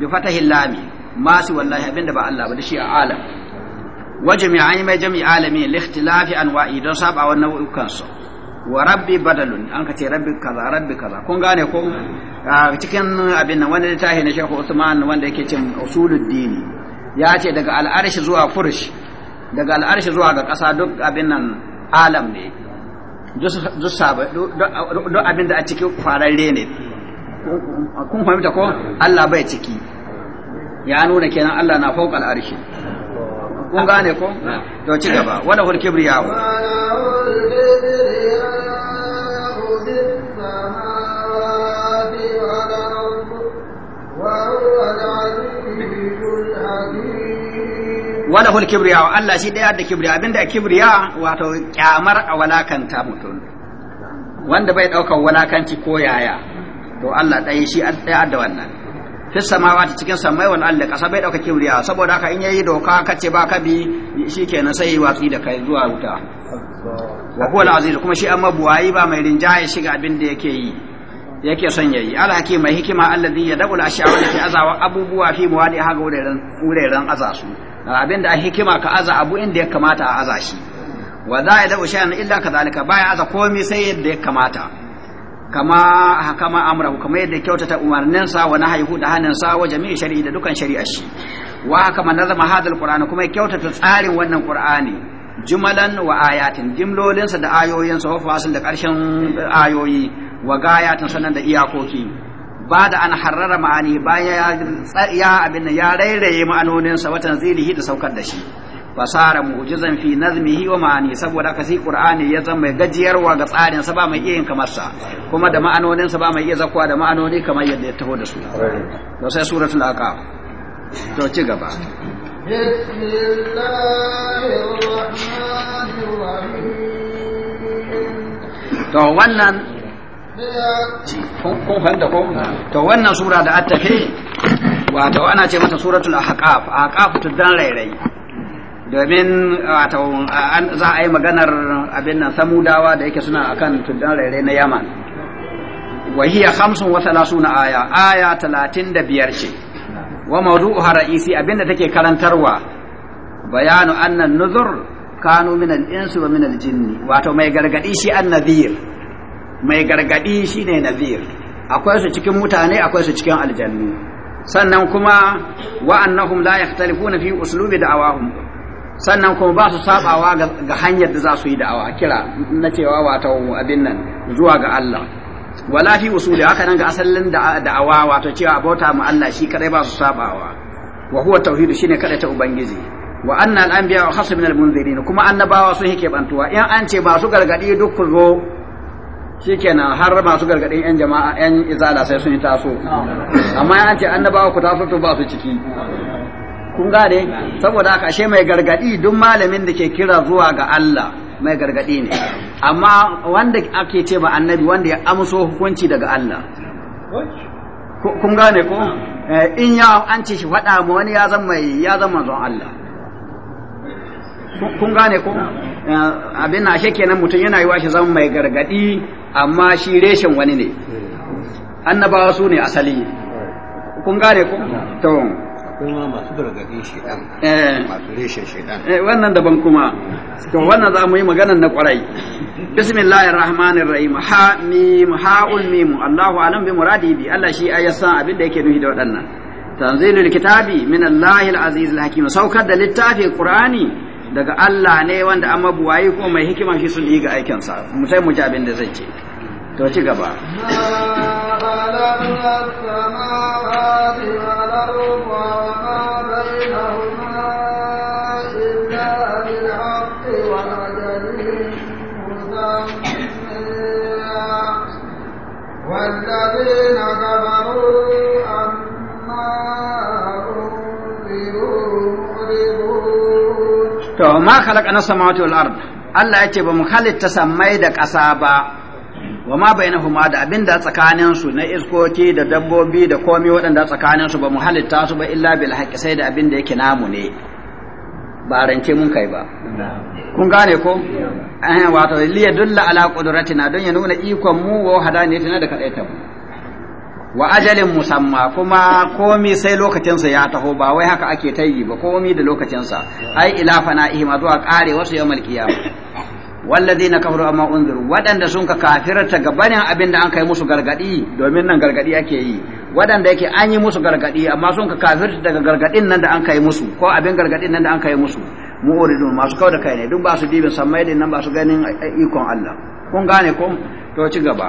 Speaker 2: bi fatahil lami masu wallahi abin da ba Allah ba da shi alam wa jami'an mai jami'i alami li anwa'i don saba nau'ikansu nau'ukan wa rabbi badalun an ka ce rabbi kaza rabbi kaza kun gane ko cikin abin nan wani ta na Sheikh Usman wanda yake cin usulul dini ya ce daga al'arshi zuwa furshi daga al'arshi zuwa ga ƙasa duk abin nan alam ne duk sabai duk abin da a cikin kwararre ne kun fahimta ko Allah bai ciki ya nuna kenan Allah na fauka al'arshi kun gane ko to ci gaba wala hul kibriya wala hul kibriya wa Allah shi daya da kibriya abinda kibriya wato kyamar a walakanta mutum wanda bai daukar walakanci ko yaya to Allah dai shi daya da wannan fi samawati cikin samai wal ardi kasa bai daukar kibriya saboda haka in yayi doka kace ba ka bi shikenan sai watsi da kai zuwa wuta wa huwa al-aziz kuma shi amma buwayi ba mai rinjaye shiga abinda yake yi yake son yayi alhaki mai hikima alladhi yadabul ashya wa yake azawa abubuwa fi muwadi haga wuraren wuraren azasu Abin da a hikima ka aza abu inda ya kamata a aza shi wa za a dabu shayan illa kazalika zalika baya aza komai sai yadda ya kamata kama hakama ku kama yadda kyautata umarninsa wa nahayhu da sa wa jami'i shari'i da dukan shari'ar shi wa kama nazama hadal qur'ani kuma kyautata tsarin wannan qur'ani jumalan wa ayatin jimlolinsa da ayoyinsa wa fasil da karshen ayoyi wa gayatin sanan da iyakoki ba da an harrara ma'ani bayan ya abin ya rairaye ma'anoninsa watan tanzilihi da saukar da shi fasara mu'jizan fi nazmihi wa ma'ani saboda haka sai qur'ani ya zama mai gajiyarwa ga tsarin sa ba mai iya yin kamar sa kuma da ma'anonin sa ba mai iya zakwa da ma'anoni kamar yadda ya taho da su to sai suratul aqa to ci gaba to wannan kun fahimta ko to wannan sura da attafe wato ana ce mata suratul ahqaf ahqaf ta dan rairai domin wato za a yi maganar abin nan samudawa da yake suna akan tuddan rairai na yaman wa hiya khamsun wa thalathuna aya aya talatin da biyar ce wa mawdu'uha ra'isi abinda take karantarwa bayanu anna nuzur kanu min al-insi wa min al-jinni wato mai gargadi shi an mai gargadi shine nazir akwai su cikin mutane akwai su cikin aljannu sannan kuma wa annahum la yahtalifuna fi uslubi da'awahum sannan kuma ba su sabawa ga hanyar da za su yi da'awa kira na cewa wato abin nan zuwa ga Allah wala fi usuli haka nan ga asalin da'awa wato cewa abota mu Allah shi kadai ba su sabawa wa huwa tauhid shine kadai ta ubangiji wa anna al-anbiya khassu min al-munzirin kuma annabawa sun hike bantuwa in an ce ba su gargadi duk ku zo shikenan har masu gargadin yan jama'a yan izala sai sun yi taso amma an ce annabawa ku taso to ba su ciki kun gane saboda haka ashe mai gargadi duk malamin da ke kira zuwa ga Allah mai gargadi ne amma wanda ake ce ba annabi wanda ya amso hukunci daga Allah kun gane ko eh, in ya an ce shi faɗa ma wani ya zama ya zama zon Allah kun gane ko abin na kenan mutum yana yi shi zama mai gargadi amma shi reshen wani ne annabawa su ne asali kun gane ko to kuma masu gargadi shedan eh. masu reshen shedan eh, wannan daban kuma to wannan za mu yi maganar na kwarai bismillahir rahmanir rahim ha mi ha ulmi mu Allahu alam bi muradi bi Allah shi ayyasan abin da yake nufi da waɗannan tanzilul kitabi min Allahil azizil hakim saukar da littafin qur'ani daga Allah ne wanda an mabuwayi ko mai hikima shi sun yi ga aikinsa sai mu ji abin da zai ce to ci gaba
Speaker 1: والذين كفروا
Speaker 2: to ma khalaq na samawati wal ard Allah ya ce ba mu halitta sammai da ƙasa ba wa ma bainahuma da abin da tsakanin su na iskoki da dabbobi da komi waɗanda tsakanin su ba mu halitta su ba illa bil haqqi sai da abin da yake namu ne ba rance mun kai ba kun gane ko eh wato liyadulla ala qudratina don ya nuna ikon mu wa hadaniyatina da kadaita mu wa ajalin musamma kuma komi sai lokacinsa ya taho ba wai haka ake ta yi ba komi da lokacinsa ai ila fana ihima zuwa kare wasu malkiya. qiyama wallazina kafaru amma unzur waɗanda sun ka kafirta gabanin abin da an kai musu gargadi domin nan gargadi ake yi waɗanda yake an yi musu gargadi amma sun ka kafirta daga gargadin nan da an kai musu ko abin gargadin nan da an kai musu mu'uridun masu da kai ne duk ba su dibin sammai din nan ba su ganin ikon Allah kun gane ko to ci gaba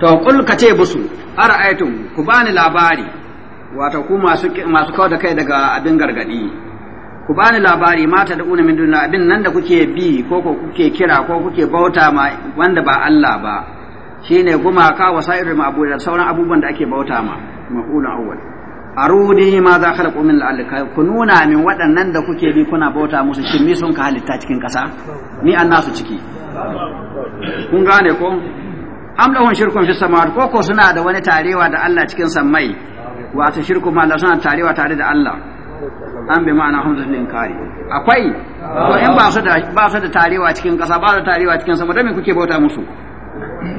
Speaker 2: to kul kace ce busu ara'aytum ku bani labari wato ku masu masu kawo da kai daga abin gargadi ku bani labari mata da una min dunna abin nan da kuke bi ko ko kuke kira ko kuke bauta ma wanda ba Allah ba shine gumaka wa sa'irul abu da sauran abubuwan da ake bauta ma maqulun awwal arudi ma za khalaqu min al ku nuna min waɗannan da kuke bi kuna bauta musu shin mi sun ka halitta cikin ƙasa ni an nasu ciki kun gane ko am lahum shirkun fi samawati ko ko suna da wani tarewa da Allah cikin sammai wato shirku ma Allah suna tarewa tare da Allah an bi ma'ana hamzatul inkari akwai to in ba su da ba su da tarewa cikin kasa ba su da tarewa cikin sama da me kuke bauta musu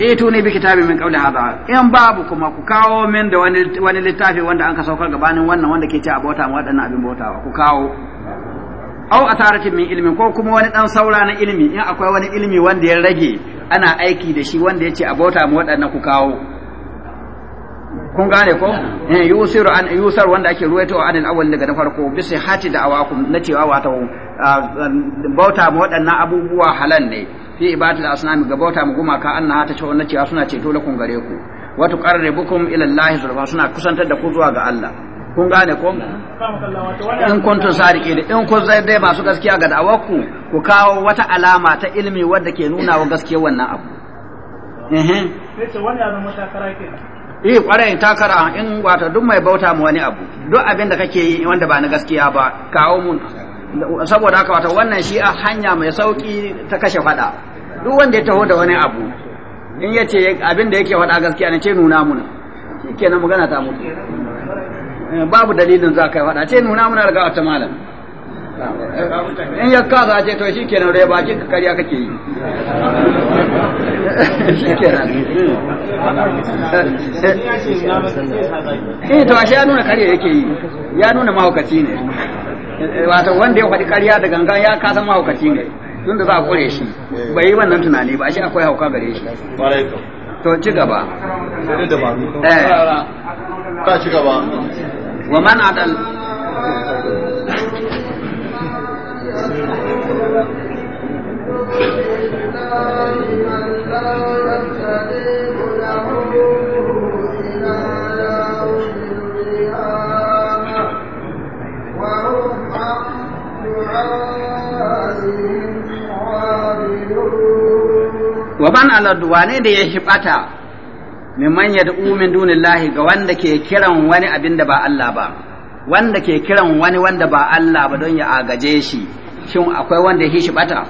Speaker 2: eh to ne bi kitabi min qawli hada in babu kuma ku kawo min da wani wani littafi wanda an ka saukar gabanin wannan wanda ke ce a bauta ma waɗannan abin bautawa ku kawo au asaratin min ilmin ko kuma wani dan saura na ilimi in akwai wani ilimi wanda ya rage ana aiki da shi wanda ya ce a bauta mu waɗannan ku kawo kun gane ko eh yusiru an yusar wanda ake ruwaito an al-awwal daga na farko bi hati da awakum na cewa wata bauta mu waɗannan abubuwa halal ne fi ibadatul asnami ga bauta mu gumaka annaha ta cewa na cewa suna ceto lakun gare ku wa tuqarribukum ila Allah zulfa suna kusantar da ku zuwa ga Allah kun gane ko
Speaker 3: in
Speaker 2: sadiki da. in kun zai dai masu gaskiya ga da'awarku ku kawo wata alama ta ilmi wadda ke nuna wa gaskiyar wannan abu eh eh kwarai takara in wata duk mai bauta mu wani abu duk abin da kake yi wanda ba na gaskiya ba kawo mun saboda haka wata wannan shi a hanya mai sauki ta kashe fada duk wanda ya taho da wani abu in yace abin da yake fada gaskiya ne ce nuna mun shikenan magana ta mutu Eh, babu dalilin za ka yi faɗa ce nuna muna daga wata malam in ya kaza ce to shi kenan rai baki ka karya kake yi shi kenan eh to shi ya nuna karya yake yi ya nuna mahaukaci ne wato wanda ya faɗi karya da gangan ya kasa mahaukaci ne tunda za a kure shi bai yi wannan tunani ba shi akwai hauka gare shi to ci gaba eh. ci gaba wa man adal wa wane da ya shi bata mimman yad'u min dunillahi ga wanda ke kiran wani abin da ba Allah ba wanda ke kiran wani wanda ba Allah ba don ya agaje shi shin akwai wanda ya shi bata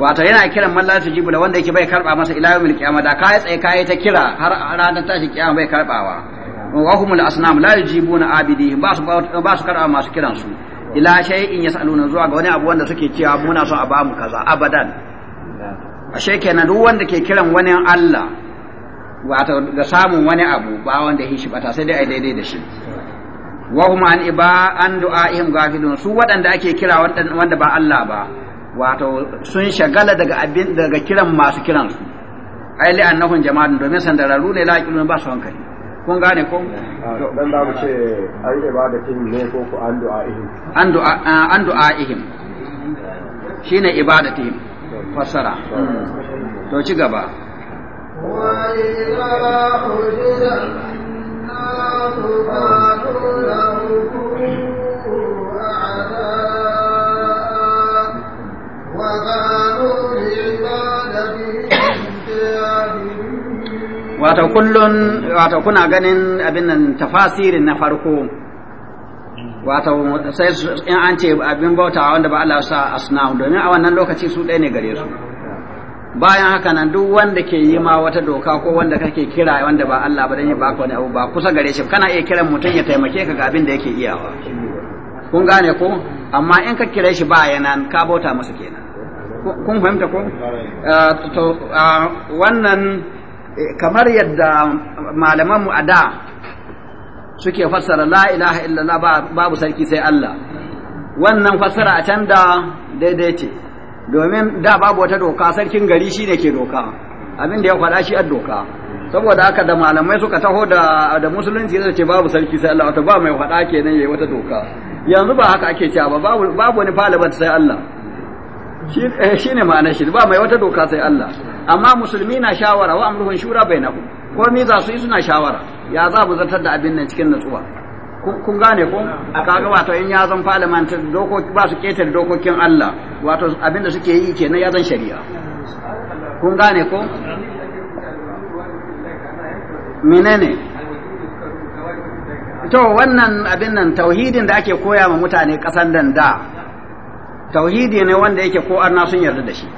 Speaker 2: wato yana kiran mallan su jibula wanda yake bai karba masa ila yawmil qiyama da kai tsaye kai ta kira har ranar tashi kiyama bai karbawa wa humul asnam la yujibuna abidihim ba su ba su karba masu kiran su ila shay'in yasaluna zuwa ga wani abu wanda suke cewa muna so a ba mu kaza abadan ashe kenan duk wanda ke kiran wani Allah wato da samun wani abu ba wanda ya shi bata sai dai daidai da shi wa huma an iba an ihim ghafilun su waɗanda ake kira wanda ba Allah ba wato sun shagala daga abin daga kiran masu kiran su ai li annahum jama'atun domin sandararu ne la yaqilun ba su hankali kun gane ko dan da mu ce ai ibadatin ne ko ku an ihim an du'a an ihim shine ibadatihim fassara hmm. to ci gaba Wata kullun wato kuna ganin abin nan tafasirin na farko wato sai in an ce abin bautawa wanda ba Allah sa asna domin a wannan lokaci su ɗaya ne gare su bayan haka nan duk wanda ke yi ma wata doka ko wanda kake kira wanda ba Allah ba dan ya baka wani abu ba kusa gare shi kana iya kiran mutum ya taimake ka ga abin da yake iyawa kun gane ko amma in ka kira shi ba yana ka bauta masa kenan kun fahimta ko eh, eh, wannan eh, kamar yadda malaman mu ada suke fassara la ilaha illallah babu sarki sai Allah wannan fassara a can da daidai ce domin da babu wata doka sarkin gari shi ne ke doka abin da ya faɗa shi a doka saboda haka da malamai suka taho da da musulunci da ce babu sarki sai Allah wato ba mai faɗa kenan yayi wata doka yanzu ba haka ake cewa ba babu babu wani falaba sai Allah shi eh, shi ne ma'anar shi ba mai wata doka sai Allah amma musulmi na shawara wa amruhun shura bainahu ko za su yi suna shawara ya za mu zartar da abin nan cikin natsuwa kun gane ko kaga wato in ya zan parliament dokoki ba su ketare dokokin Allah wato abinda suke yi kenan ya zan shari'a
Speaker 3: kun gane ko menene
Speaker 2: to wannan abin nan tauhidin da ake koya ma mutane kasan dan da tauhidi ne wanda yake ko arna sun yarda da shi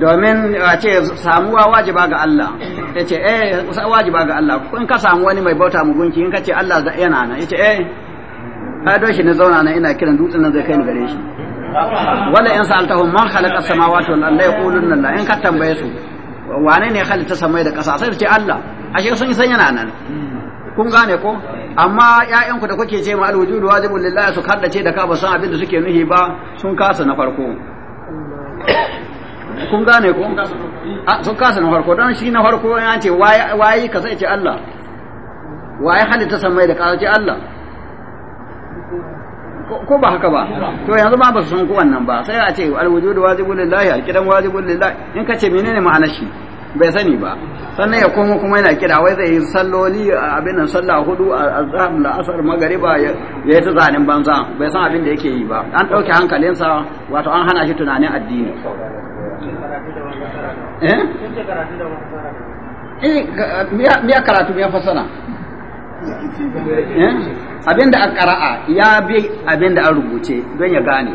Speaker 2: domin a ce samuwa wajiba ga Allah ya ce eh wajiba ga Allah in ka samu wani mai bauta mugunki in ka ce Allah yana nan ya ce eh do shi na zauna nan ina kiran dutsen nan zai kai ni gare shi wala in sa'altahum man khalaqa samawati wal ardi yaquluna la in ka tambaye su wane ne khalita samai da kasa, sai ce Allah ashe sun san yana nan kun gane ko amma ƴaƴanku da kuke ce ma al-wujudu wajibun lillahi su kaddace da ka ba san abin da suke nuhi ba sun kasa na farko kun gane ko sun kasa na farko don shi na farko ya ce waye ka sai ce Allah waye halitta samai da ka ce Allah ko ba haka ba to yanzu ma ba su san ku wannan ba sai a ce alwujudu wajibul lillahi alqidan wajibul lillahi in ka ce menene ma'anar shi bai sani ba sannan ya komo kuma yana kira wai zai yi salloli abin nan sallah hudu azhar la asar magriba ya yi ta zanin banza bai san abin da yake yi ba an dauke hankalinsa wato an hana shi tunanin addini eh, eh miya karatu miya fasara
Speaker 1: eh? abinda
Speaker 2: a kara'a ya bi abinda an rubuce don ya gane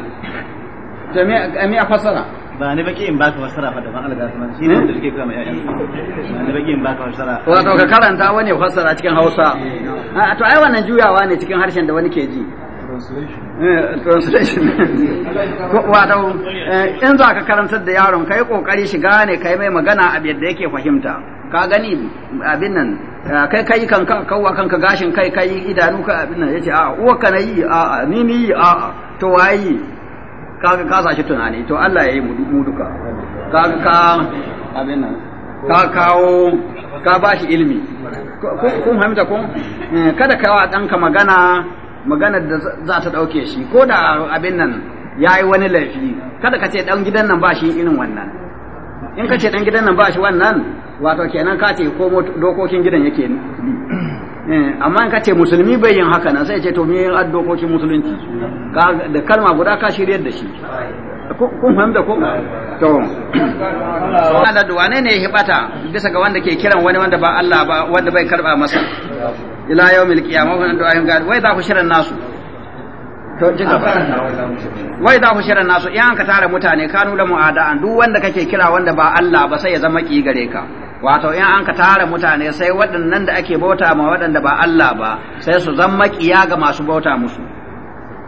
Speaker 2: to miya fasara ba ni baki in baka fasara fa da ban alga sunan shi ne eh? da kike kama yayan ba ni baki in baka fasara wato ka karanta wani fasara cikin Hausa ah, to ai wannan juyawa ne cikin harshen da wani ke ji translation eh, wato eh, in za ka karantar da yaron ka yi kokari shiga ne ka yi mai magana a da yake fahimta ka gani abin nan eh, kai kai kan ka kawwa kanka gashin kai kai idanu ka abin nan yace a uwa ka na yi a ni ni yi a to wai ka ka sa shi tunani to Allah ya yi mu duka ka ka abin nan ka kawo ka bashi ilimi kun fahimta kun kada ka wa danka magana maganar da za ta ɗauke shi ko da abin nan ya yi wani laifi kada ka ce ɗan gidan nan ba shi irin wannan in ka ce ɗan gidan nan ba shi wannan wato kenan ka ce ko dokokin gidan yake bi eh, amma in ka ce musulmi bai yin haka nan sai ce to me a dokokin musulunci da kalma guda ka shiryar da shi kun fahimta ko to da duwane ne ya hibata bisa ga wanda ke kiran wani wanda ba Allah ba wanda bai karba masa ila milki qiyamah wa antum ayin gari wai za ku shirin nasu to ji gaba wai za ku shirin nasu in ka tara mutane kanu da mu'ada'an duk wanda kake kira wanda ba Allah ba sai ya zama ki gare ka wato in an ka tara mutane sai waɗannan da ake bauta ma waɗanda ba Allah ba sai su zama ƙiya ga masu bauta musu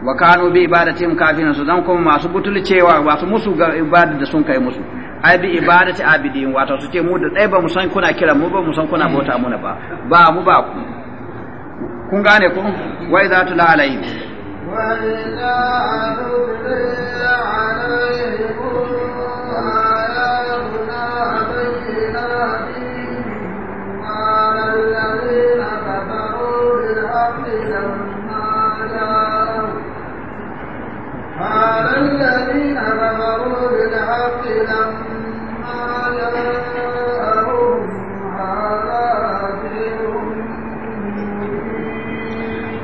Speaker 2: wa kanu bi ibadatin kafin su zan kuma masu butulcewa masu musu ga ibada da sun kai musu ai bi ibadati abidin wato su ce mu da ɗaya ba mu san kuna kira mu ba mu san kuna bauta muna ba ba mu ba ku kun gane ku wai za tu la alaihim wa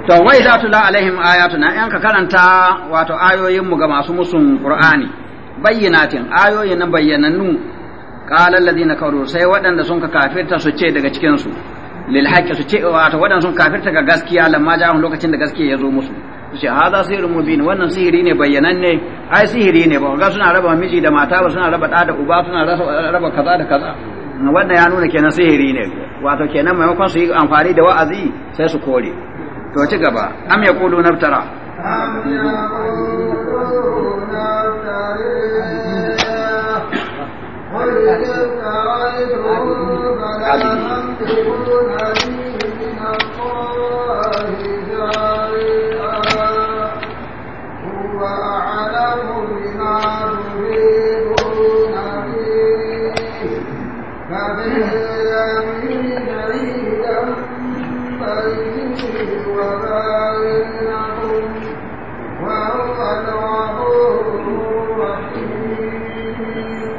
Speaker 2: to wai za tula alaihim ayatuna in ka karanta wato ayoyinmu ga masu musun qur'ani bayyinatin ayoyin na bayyanannu qala alladhina kafaru sai waɗanda sun ka kafirta su ce daga cikin su lil haqqi su ce wato waɗanda sun kafirta ga gaskiya lamma ja'un lokacin da gaskiya ya zo musu su ce hada sirrul mubin wannan sihiri ne bayyananne ai sihiri ne ba ga suna raba miji da mata ba suna raba ɗa da uba suna raba kaza da kaza wannan ya nuna kenan sihiri ne wato kenan maimakon su yi amfani da wa'azi sai su kore to ci gaba am ya kulu naftara قل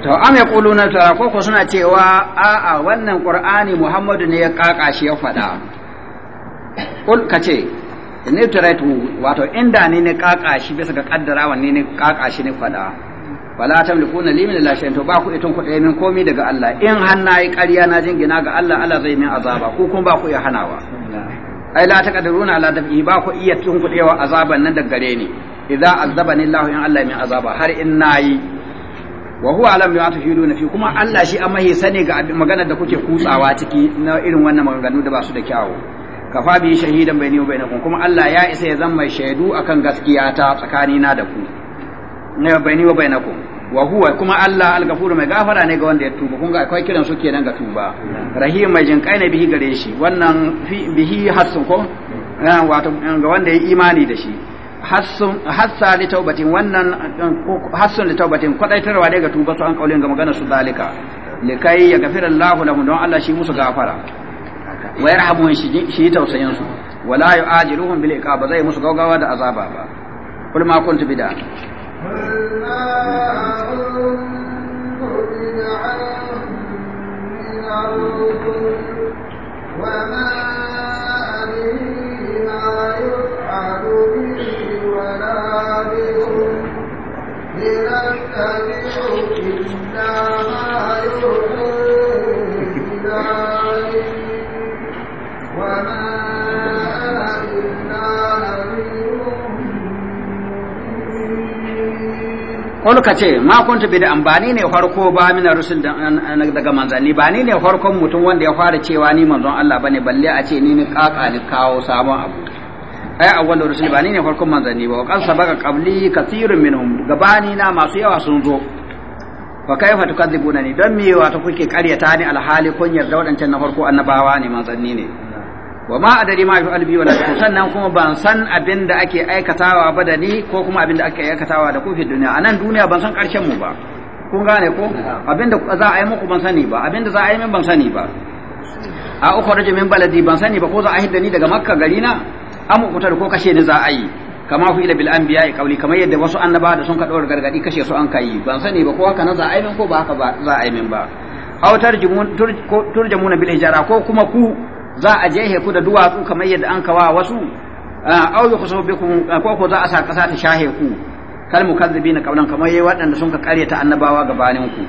Speaker 2: to am yaquluna ta ko ko suna cewa a a wannan qur'ani muhammadu ne ya kaka shi ya fada kul kace ne taraitu wato inda ne ne kaka shi bisa ga kaddarawa ne ne kaka shi ne fada wala tamlikuna li min la shay'in to ba ku itun ku min komai daga Allah in har nayi ƙarya na jingina ga Allah Allah zai min azaba ko kuma ba ku iya hanawa ai la taqdiruna ala dafi ba ku iya tun ku azaban nan daga gare ni idza azabani Allah in Allah min azaba har in nayi wa huwa alam ya tuhiluna fi kuma Allah shi amma ya sani ga maganar da kuke kutsawa ciki na irin wannan maganganu da ba su da kyawu kafa bi shahidan bayni wa bainakum kuma Allah ya isa ya zama shaidu akan gaskiya ta tsakani na da ku ne bayni wa bainakum wa huwa kuma Allah al gafur mai gafara ne ga wanda ya tuba kun ga akwai kiran su kenan ga tuba rahim mai jin kaina bihi gare shi wannan bihi hasun ko wato ga wanda ya imani da shi hassan li wannan eh, hassan li taubatin kwadaitarwa dai ga tuba su an kaulin ga magana su zalika likai ya gafira Allahu lahu don Allah shi musu gafara wa yarhamu shi tausayin su wala yu'ajiruhum bil iqab zai musu gaugawa da azaba ba kul ma kuntu bida
Speaker 1: وما
Speaker 2: Kulu ka ce, ma kuntu bi da ambani ne farko ba mina rusul daga manzanni ba ni ne farkon mutum wanda ya fara cewa ni manzon Allah bane balle a ce ni ni ni kawo sabon abu. ai awwalu rusul ba ni ne farkon manzanni ba wa kan sabaka qabli kathirun minhum gabani na masu yawa sun zo fa kaifa tukadzibuna ni dan me wato kuke karyata ni alhali kun yarda wadancan na farko annabawa ne manzanni ne wa ma adari ma fi albi wala ku sannan kuma ban san abin da ake aikatawa ba da ni ko kuma abin da ake aikatawa da ku fi duniya anan duniya ban san karshen mu ba kun gane ko abin da za a yi muku ban sani ba abin da za a yi min ban sani ba a uku rajin min baladi ban sani ba ko za a hidda ni daga makka gari na am ko kashe ni za a yi kama ku ila bil anbiya kauli kamar yadda wasu annaba da sun ka dora gargadi kashe su an kai ban sani ba ko haka na za a yi min ko ba haka ba za a yi min ba aw tarjumun turjamuna bil hijara ko kuma ku za a jehe ku da duwatsu kamar yadda an kawa wasu ah, aw yukhsafu bikum ah, ko ko za a sa kasa ta shahe ku kal mukazzibin kaulan kamar yayi waɗanda sun ka karyata annabawa gabanin ku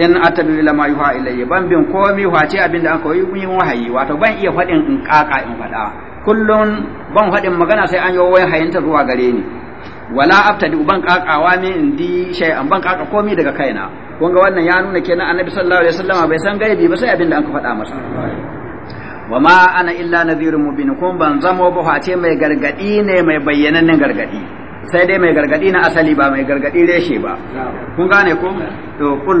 Speaker 2: in atabi ila ma yuha ilayya ban bin komi face abinda aka yi mun wahayi wato ban iya faɗin in kaka in faɗa Kullum ban faɗin magana sai an yi wayan hayanta zuwa gare ni wala abtadi ban kakawa min indi an ban kaka komai daga kaina kun ga wannan ya nuna kenan annabi sallallahu alaihi wasallam bai san gaibi ba sai abin da an faɗa masa wa ma ana illa nadhirun mubin kun ban zamo ba face mai gargadi ne mai bayyanannen gargadi sai dai mai gargadi na asali ba mai gargadi reshe ba kun gane ko to kul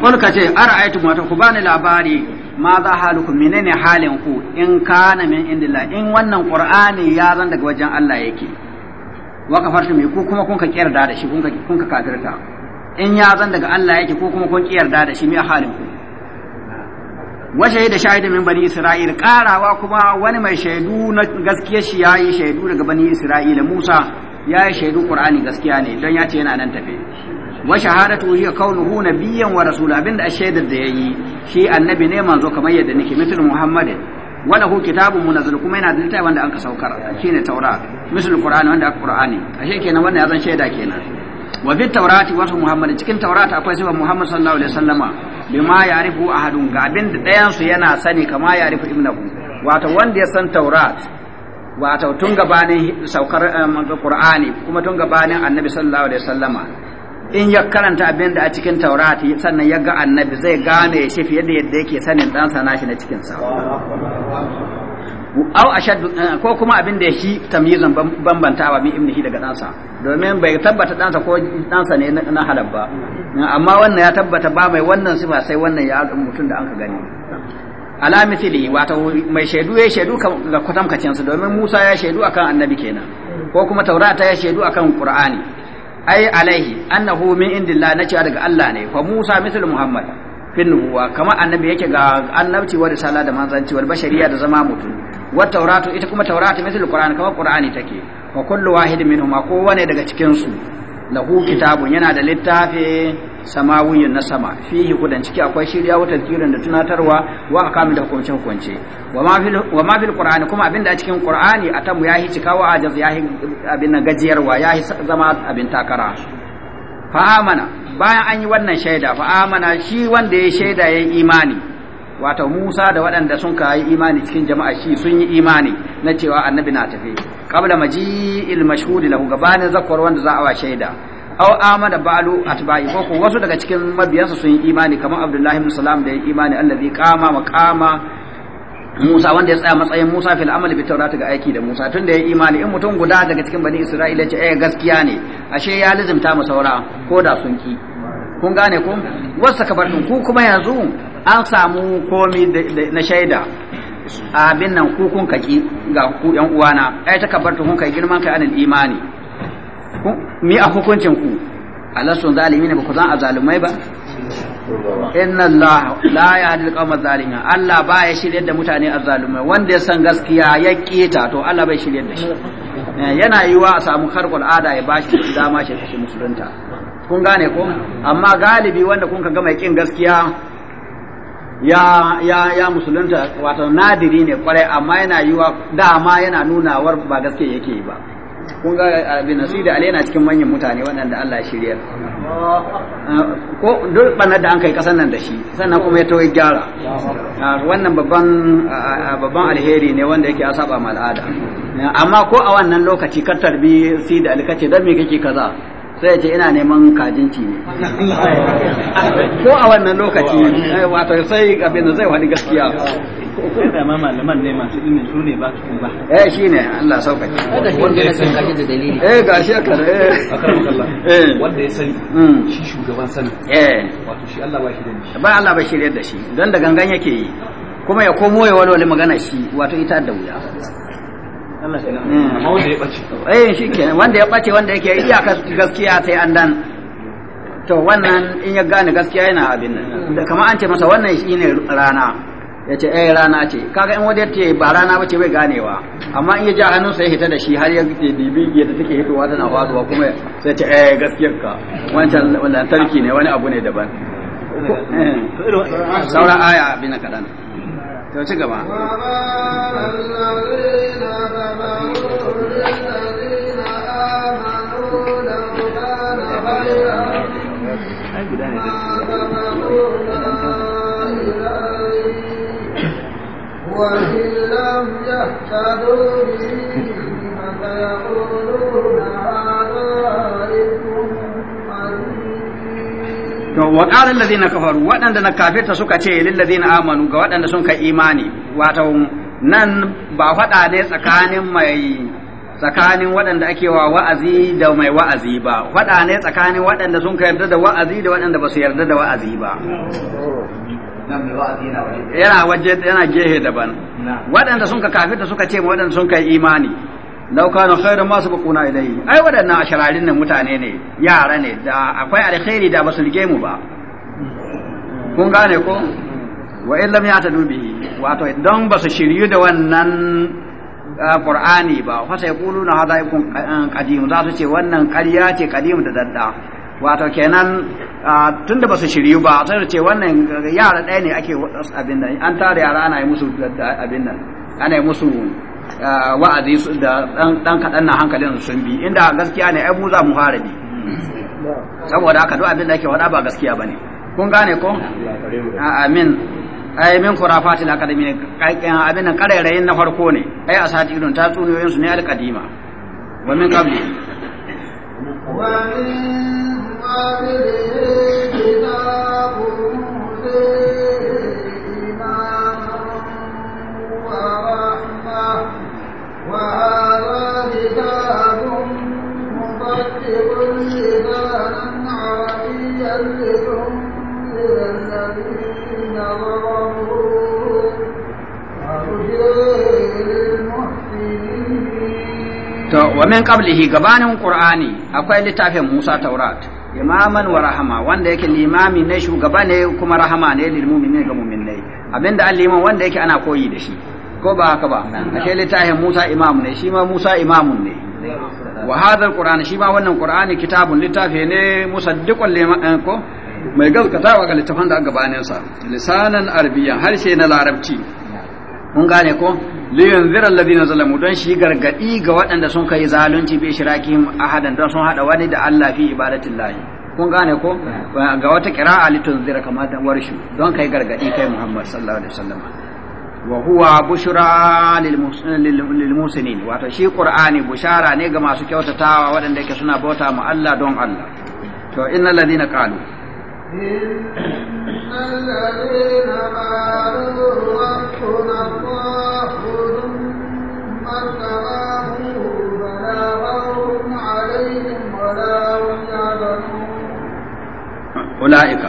Speaker 2: qul ka ce ara'aytum wa ku bani labari ma za halukum menene halin ku in kana min indillah in wannan qur'ani ya zan daga wajen Allah yake wa kafartum ku kuma kun ka kiyarda da shi kun ka kun ka kafirta in ya zan daga Allah yake ko kuma kun kiyarda da shi me halin ku wa shahida shahidu min bani isra'il karawa kuma wani mai shaidu na gaskiya shi yayi shaidu daga bani isra'ila Musa yayi shaidu qur'ani gaskiya ne don ya ce yana nan tafe wa shahadatu hiya kaunuhu nabiyyan wa rasula abinda ashaidar da yayi shi annabi ne manzo kamar yadda nake mitul muhammadin wa hu kitabun munazzal kuma yana da littafi wanda an ka saukar shine taura. misul qur'ani wanda aka qur'ani ashe kenan wannan ya zan shaida kenan wa bi taurati wa muhammad cikin taurata akwai sifar muhammad sallallahu alaihi wasallama bima ya'rifu ahadun ga abinda dayan su yana sani kama ya'rifu ibnahu wato wanda ya san taurat wato tun gabanin saukar um, qur'ani kuma tun gabanin annabi sallallahu alaihi wasallama in ya karanta abin da a cikin taurat sannan ya ga annabi zai gane shi fiye da yadda yake sanin ɗansa nashi na cikinsa aw ashaddu eh, ko kuma abin da shi tamyizan bambantawa min ibnihi daga ɗansa domin bai tabbata ɗansa ko ɗansa ne na halal ba amma wannan ya tabbata ba mai wannan sifa sai wannan ya mutum da anka gani ala mithili wato mai shaidu ya shaidu ga kwatamkacin su domin Musa ya shaidu akan annabi kenan ko kuma Taurata ya shaidu akan Qur'ani ai alaihi annahu min na nace daga Allah ne fa Musa misal Muhammad fi nubuwa kama annabi yake ga annabci wa risala da manzanci wal bashariya da zama mutum wa tauratu ita kuma tauratu misal Qur'an kama Qur'ani take wa kullu minhum kowa wane daga cikin su lahu kitabun yana da littafi samawiyun na sama fihi kudan ciki akwai shirya wa tazkirin da tunatarwa wa akamin da hukunce hukunce wa ma fil qur'ani kuma abinda a cikin qur'ani atamu yahi cikawa ajaz yahi abin gajiyarwa yahi zama abin takara fa amana bayan an yi wannan shaida fa amana shi wanda ya shaida yayin imani wato Musa da waɗanda sun ka yi imani cikin jama'a shi sun yi imani na cewa annabi na tafi qabla maji'il mashhud lahu gabanin zakwar wanda za a wa shaida aw amana ba'lu atba'i ko ko wasu daga cikin mabiyansa sun yi imani kamar Abdullahi ibn Salam da ya imani allazi qama kama Musa wanda ya tsaya matsayin Musa fil amali bi tawrat ga aiki da Musa tun da ya imani in mutum guda daga cikin bani Isra'ila ce eh gaskiya ne ashe ya lazimta mu saura ko da sun ki kun gane ku wasa kabartun ku kuma yanzu an samu komi na shaida abin nan ku kun kaki ga ku yan uwana ai ta kabartun kun kai girman kai anan imani mi a hukuncin ku alasun ne ba ku zan a zalimai ba inna Allah la yahdil qawma zalimin Allah ba ya shiryar da mutane azzalumai wanda ya san gaskiya ya keta to Allah bai shiryar da shi
Speaker 3: eh, yana
Speaker 2: yiwa a samu harkar ada ya bashi dama shi shi musulunta kun gane ko amma galibi wanda kun gama mai kin gaskiya ya ya ya musulunta wato nadiri ne kwarai amma yana yiwa dama yana nunawar ba gaskiya yake yi ba kun ga eh, abin nasu da alena cikin manyan mutane waɗanda Allah ya shirya
Speaker 1: eh,
Speaker 2: ko duk banar da an kai kasan nan da shi sannan kuma ya toye gyara
Speaker 3: eh,
Speaker 2: wannan babban alheri ne wanda yake asaba ma al'ada amma ko a wannan lokaci ka tarbi si da alkace dan me kake kaza sai ce ina neman kajinci ne ko a wannan lokaci eh, wato sai abin da zai wani gaskiya da ma malaman ne masu ilimin su ne ba su ba eh, shi ne Allah saukake wanda ya san kaji da dalili eh gashi aka eh akan Allah eh wanda ya sani hmm. shi shugaban sani eh wato shi Allah ba shi da ba Allah ba shi da shi dan da gangan yake yi kuma ya komo ya walwale magana shi wato ita da wuya Hmm. eh shi ke wanda ya ɓace wanda yake iyaka gaskiya sai an dan to wannan in ya gane gaskiya yana abin nan hmm. kamar an ce masa wannan shi ne rana ya ce eh rana ce kaga in wanda ce ba rana ba ce bai ganewa amma in ya ja hannunsa ya hita da shi har ya dibi ta take hitowa tana faduwa kuma sai ce eh gaskiyar ka wancan lantarki ne wani abu ne daban hmm. eh. sauran aya abin kaɗan to ci gaba
Speaker 1: ai guda ne وإن لم يهتدوا به فسيقولون
Speaker 2: to wa qala allazina kafaru waɗanda na kafirta suka ce lil ladina amanu ga waɗanda sun kai imani wato nan ba faɗa ne tsakanin mai tsakanin waɗanda ake wa wa'azi da mai wa'azi ba faɗa ne tsakanin waɗanda sun ka yarda da wa'azi da waɗanda ba su yarda da wa'azi ba yana waje yana gehe daban waɗanda sun ka kafirta suka ce waɗanda sun kai imani law kana khairu ma sabaquna ilayhi ai wadannan ashararin nan mutane ne yara ne da akwai alkhairi da basu rige mu ba kun gane ko wa in lam ya'tadu bihi wato idan basu shiryu da wannan qur'ani ba fa sai quluna hada yakun qadim za su ce wannan ƙarya ce qadim da dadda wato kenan tunda basu shiryu ba sai su ce wannan yara ɗaya ne ake abin nan an tare yara ana yi musu abin nan ana yi musu Eh, wa'azi su da dan kaɗan na hankalin sun bi inda gaskiya ne ai mu za mu fara bi saboda haka duk abin da ake faɗa ba gaskiya bane kun gane ko amin ai min khurafatil akademi ne kaikin abin nan karairayin na farko ne ai asatirun ta tsuniyoyin su ne alqadima wa min qabli wa min To, wa min gabanin Qur'ani akwai littafin Musa Taurat, imaman wa rahama wanda yake limami ne shugaba ne kuma rahama ne lil mu'minin ga ne. Abinda an liman wanda yake ana koyi da shi. Ko ba haka ba? ake littafin Musa imamu ne, shi ma Musa imamun ne. wa hadha alquran shi wannan qur'ani kitabun littafi ne musaddiqan liman eh, ko mai gaskatawa ga littafin da aka gabanin sa lisanan arabiyyan harshe na larabci mun gane ko li yunzira alladhina zalamu don shi gargadi ga waɗanda sun kai zalunci bi shirakihim ahadan don sun hada wani da Allah fi ibadatillahi kun gane ko ga wata kira'a litunzira zira kamar da warshu don kai gargadi kai Muhammad sallallahu alaihi wasallam wa huwa bushra lil wato shi qur'ani bushara ne ga masu kyautatawa waɗanda yake suna bauta mu Allah don Allah to innal ladina qalu
Speaker 1: innal ladina qalu rabbuna
Speaker 2: ulaika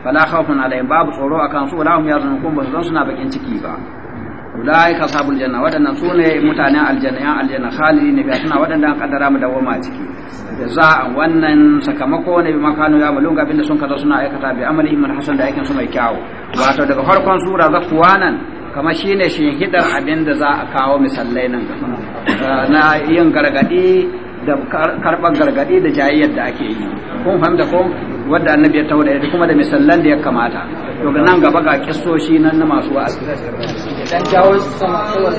Speaker 2: fala khawfun alaihim babu tsoro akan su wala hum yazunun ba zan suna bakin ciki ba ulai ka sabul janna wadannan sune mutanen aljanna ya aljanna khalidin ba suna wadannan kaddara mu dawoma ciki za wannan sakamako ne bi makano ya malun ga binda sun kaza suna aikata bi amali min hasan da aikin su mai kyau wato daga farkon sura zakwanan kamar shine shi hidar abinda za a kawo misallai nan na yin gargadi da karɓar gargadi da jayayyar da ake yi kun fahimta ko wadda annabi ya taho da ita kuma da misallan da ya kamata to ga nan gaba ga kissoshi nan na masu wa'azi dan jawo sama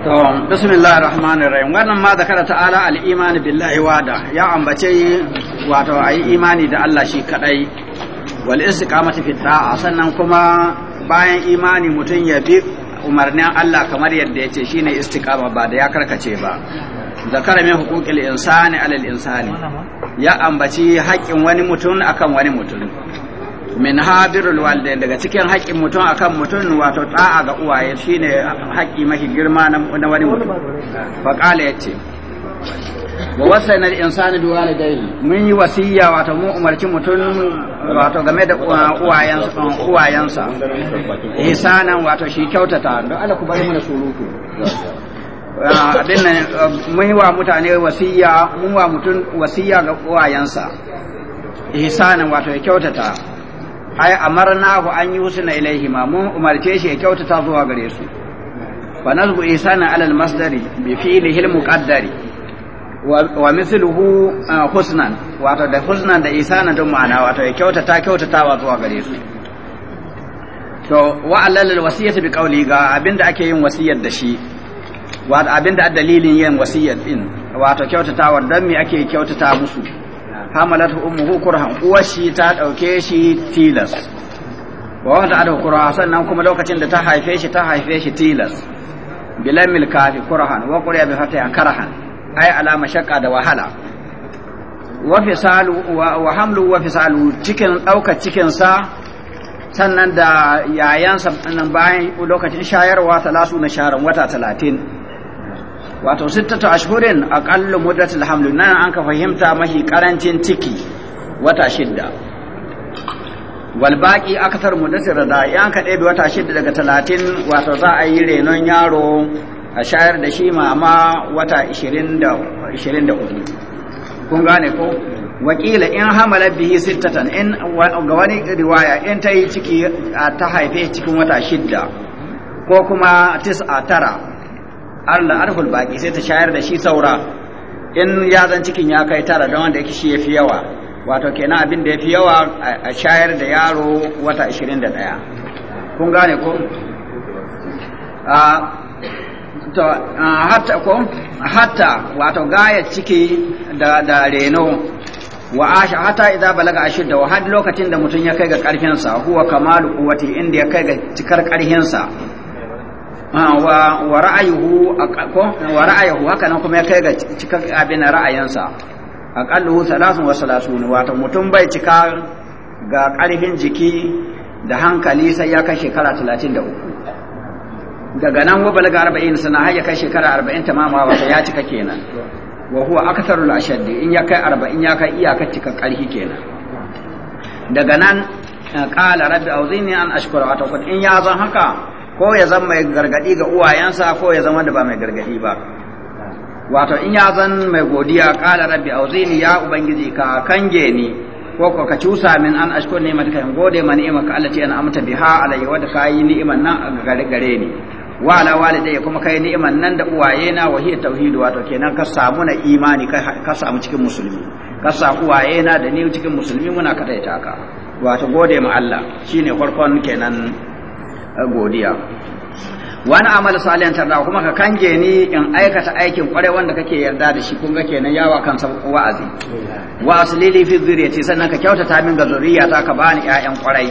Speaker 2: بسم rahman الرحمن rahim wannan ma zakara ta'ala al-iman billahi wada ya ambace wato ayi imani da Allah shi kadai wal istiqamati fi da'a sannan kuma bayan imani mutum ya bi umarnin Allah kamar yadda ya yace shine istiqama ba da ya karkace ba zakara min huquqil insani alal insani ya ambaci haƙƙin wani mutum akan wani mutum min habirul walde daga cikin haƙƙin mutum akan mutum wato ta'a ga uwaye shine haƙƙi mafi girma na wani mutum fa qala yace wa wasana al insani bi walidayhi mun yi wasiya wato mun umarci mutum wato game da uwayensa uwayensa ihsanan wato shi kyautata don Allah ku bari mana surutu abin nan mun yi wa mutane wasiya mun wa mutum wasiya ga uwayensa ihsanan wato ya kyautata ai amarnahu an ilaihi ma mun umarce shi ya kyautata zuwa gare su fa nazbu isana ala al masdari bi fi'lihi al muqaddari wa misluhu husnan wato da husnan da isana don ma'ana wato ya kyautata kyautatawa zuwa gare su to wa alal wasiyatu bi qawli ga abinda ake yin wasiyar da shi wato abinda dalilin yin wasiyar din wato kyautatawa dan me ake kyautata musu hamalat ummuhu kurhan uwar shi ta dauke shi tilas wa wata ada kurha sannan kuma lokacin da ta haife shi ta haife shi tilas bilamil kafi kurhan wa quriya bi fataya karhan ay alama shakka da wahala wa fisalu wa hamlu wa fisalu cikin dauka cikin sa sannan da yayansa nan bayan lokacin shayarwa talasu na sharan wata talatin wato sittatu ashhurin aqallu muddatul haml nan an ka fahimta mahi karancin ciki wata shidda wal baqi akthar muddatir rada yan ka dai wata shidda daga 30 wato za a yi renon yaro a shayar da shi mama wata 20 da 24 kun gane ko wakila in hamala bihi sittatan in ga wani riwaya in ta yi ciki ta haife cikin wata shidda ko kuma tis'a tara Allah arhul baki sai ta shayar da shi saura in ya zan cikin ya kai tara don wanda yake shi fi yawa wato kenan abin da ya fi yawa a shayar da yaro wata 21 kun gane ko a to hatta ko hatta wato gayar ciki da da reno wa asha hatta idza balaga ashidda wa had lokacin da mutun ya kai ga karfin sa huwa kamalu quwwati inda ya kai ga cikar karfin sa Ah, wa ra'ayuhu ko wa ra'ayuhu haka nan kuma ya kai ga cika abin ra'ayinsa aqalluhu salasun wa salasun wato mutum bai cika ga ƙarfin jiki da hankali sai ya kai shekara 33 daga nan wa balaga 40 sana har ya kai shekara 40 tamama wato ya cika kenan wa huwa aktharul ashadd in ya kai 40 ya kai iyakar cika ƙarfi kenan daga nan eh, qala rabbi auzini an ashkura wato in ya zan haka ko ya zama mai gargadi ga uwayensa ko ya zama da ba mai gargadi ba wato in ya zan mai godiya kala rabbi auzini ya ubangiji ka kange ni ko ko ka cusa min an ashko ne mata gode ma ni'ima ka Allah ce an amta biha alayhi wa da kai ni'iman nan gare gare ni wa ala walidai kuma kai ni'iman nan da uwaye na wa tauhid wato kenan ka samu na imani ka samu cikin musulmi ka sa uwaye na da ni cikin musulmi muna kadaita ka wato gode ma Allah shine farkon kenan godiya wani amal salihan tarda kuma ka kange ni in aikata aikin kware wanda kake yarda da shi kun ga kenan yawa kan wa'azi wa aslili fi dhuriyati sannan ka kyautata min ga ta ka bani ƴaƴan kwarai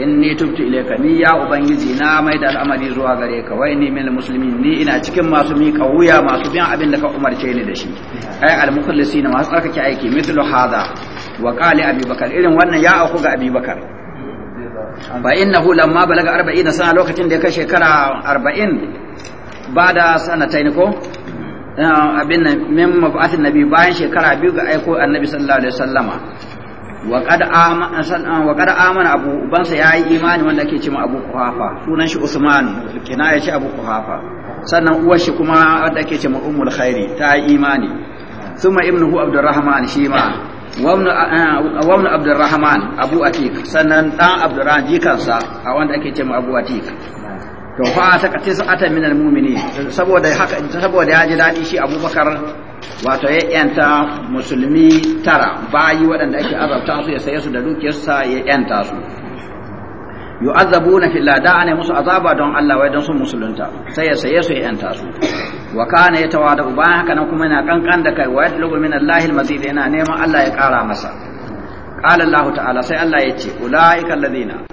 Speaker 2: inni tubtu ilayka ni ya ubangiji na mai da al'amari zuwa gare ka wai ni min muslimin ni ina cikin masu miƙa wuya masu bin abin da ka umarce ni da shi ai al mukhlisina masu tsarkake aiki mithlu hada wa qali abubakar irin wannan ya auku ga abubakar fa innahu lamma balaga 40 sana lokacin da ya kai shekara 40 bada sanatayn ko abin nan min mab'athin annabi bayan shekara biyu ga aiko annabi sallallahu alaihi wasallama wa qad amana abu ubansa yayi imani wanda ake cewa abu kuhafa sunan shi usman kina ya ce abu kuhafa sannan uwar shi kuma wanda ake cewa ummul khairi ta yi imani thumma ibnuhu abdurrahman shi ma Eh, wabnu abdurrahman abu atik sannan dan abdurrahman jikansa a wanda ake ce abu atik to fa ta kace sa ata minal mu'mini saboda haka saboda ya ji dadi shi abubakar wato ya yanta musulmi tara bayi waɗanda ake azabta su ya saye su da dukiyarsa ya yanta su yu'azzabuna fil lada ne musu azaba don Allah wai don sun musulunta sai ya saye su ya yanta su wa kana yatawada bayan haka nan kuma yana kankan da kai wa yatlubu min Allah al-mazid yana neman Allah ya kara masa qala Allah ta'ala sai Allah ya ce
Speaker 3: ulaika alladhina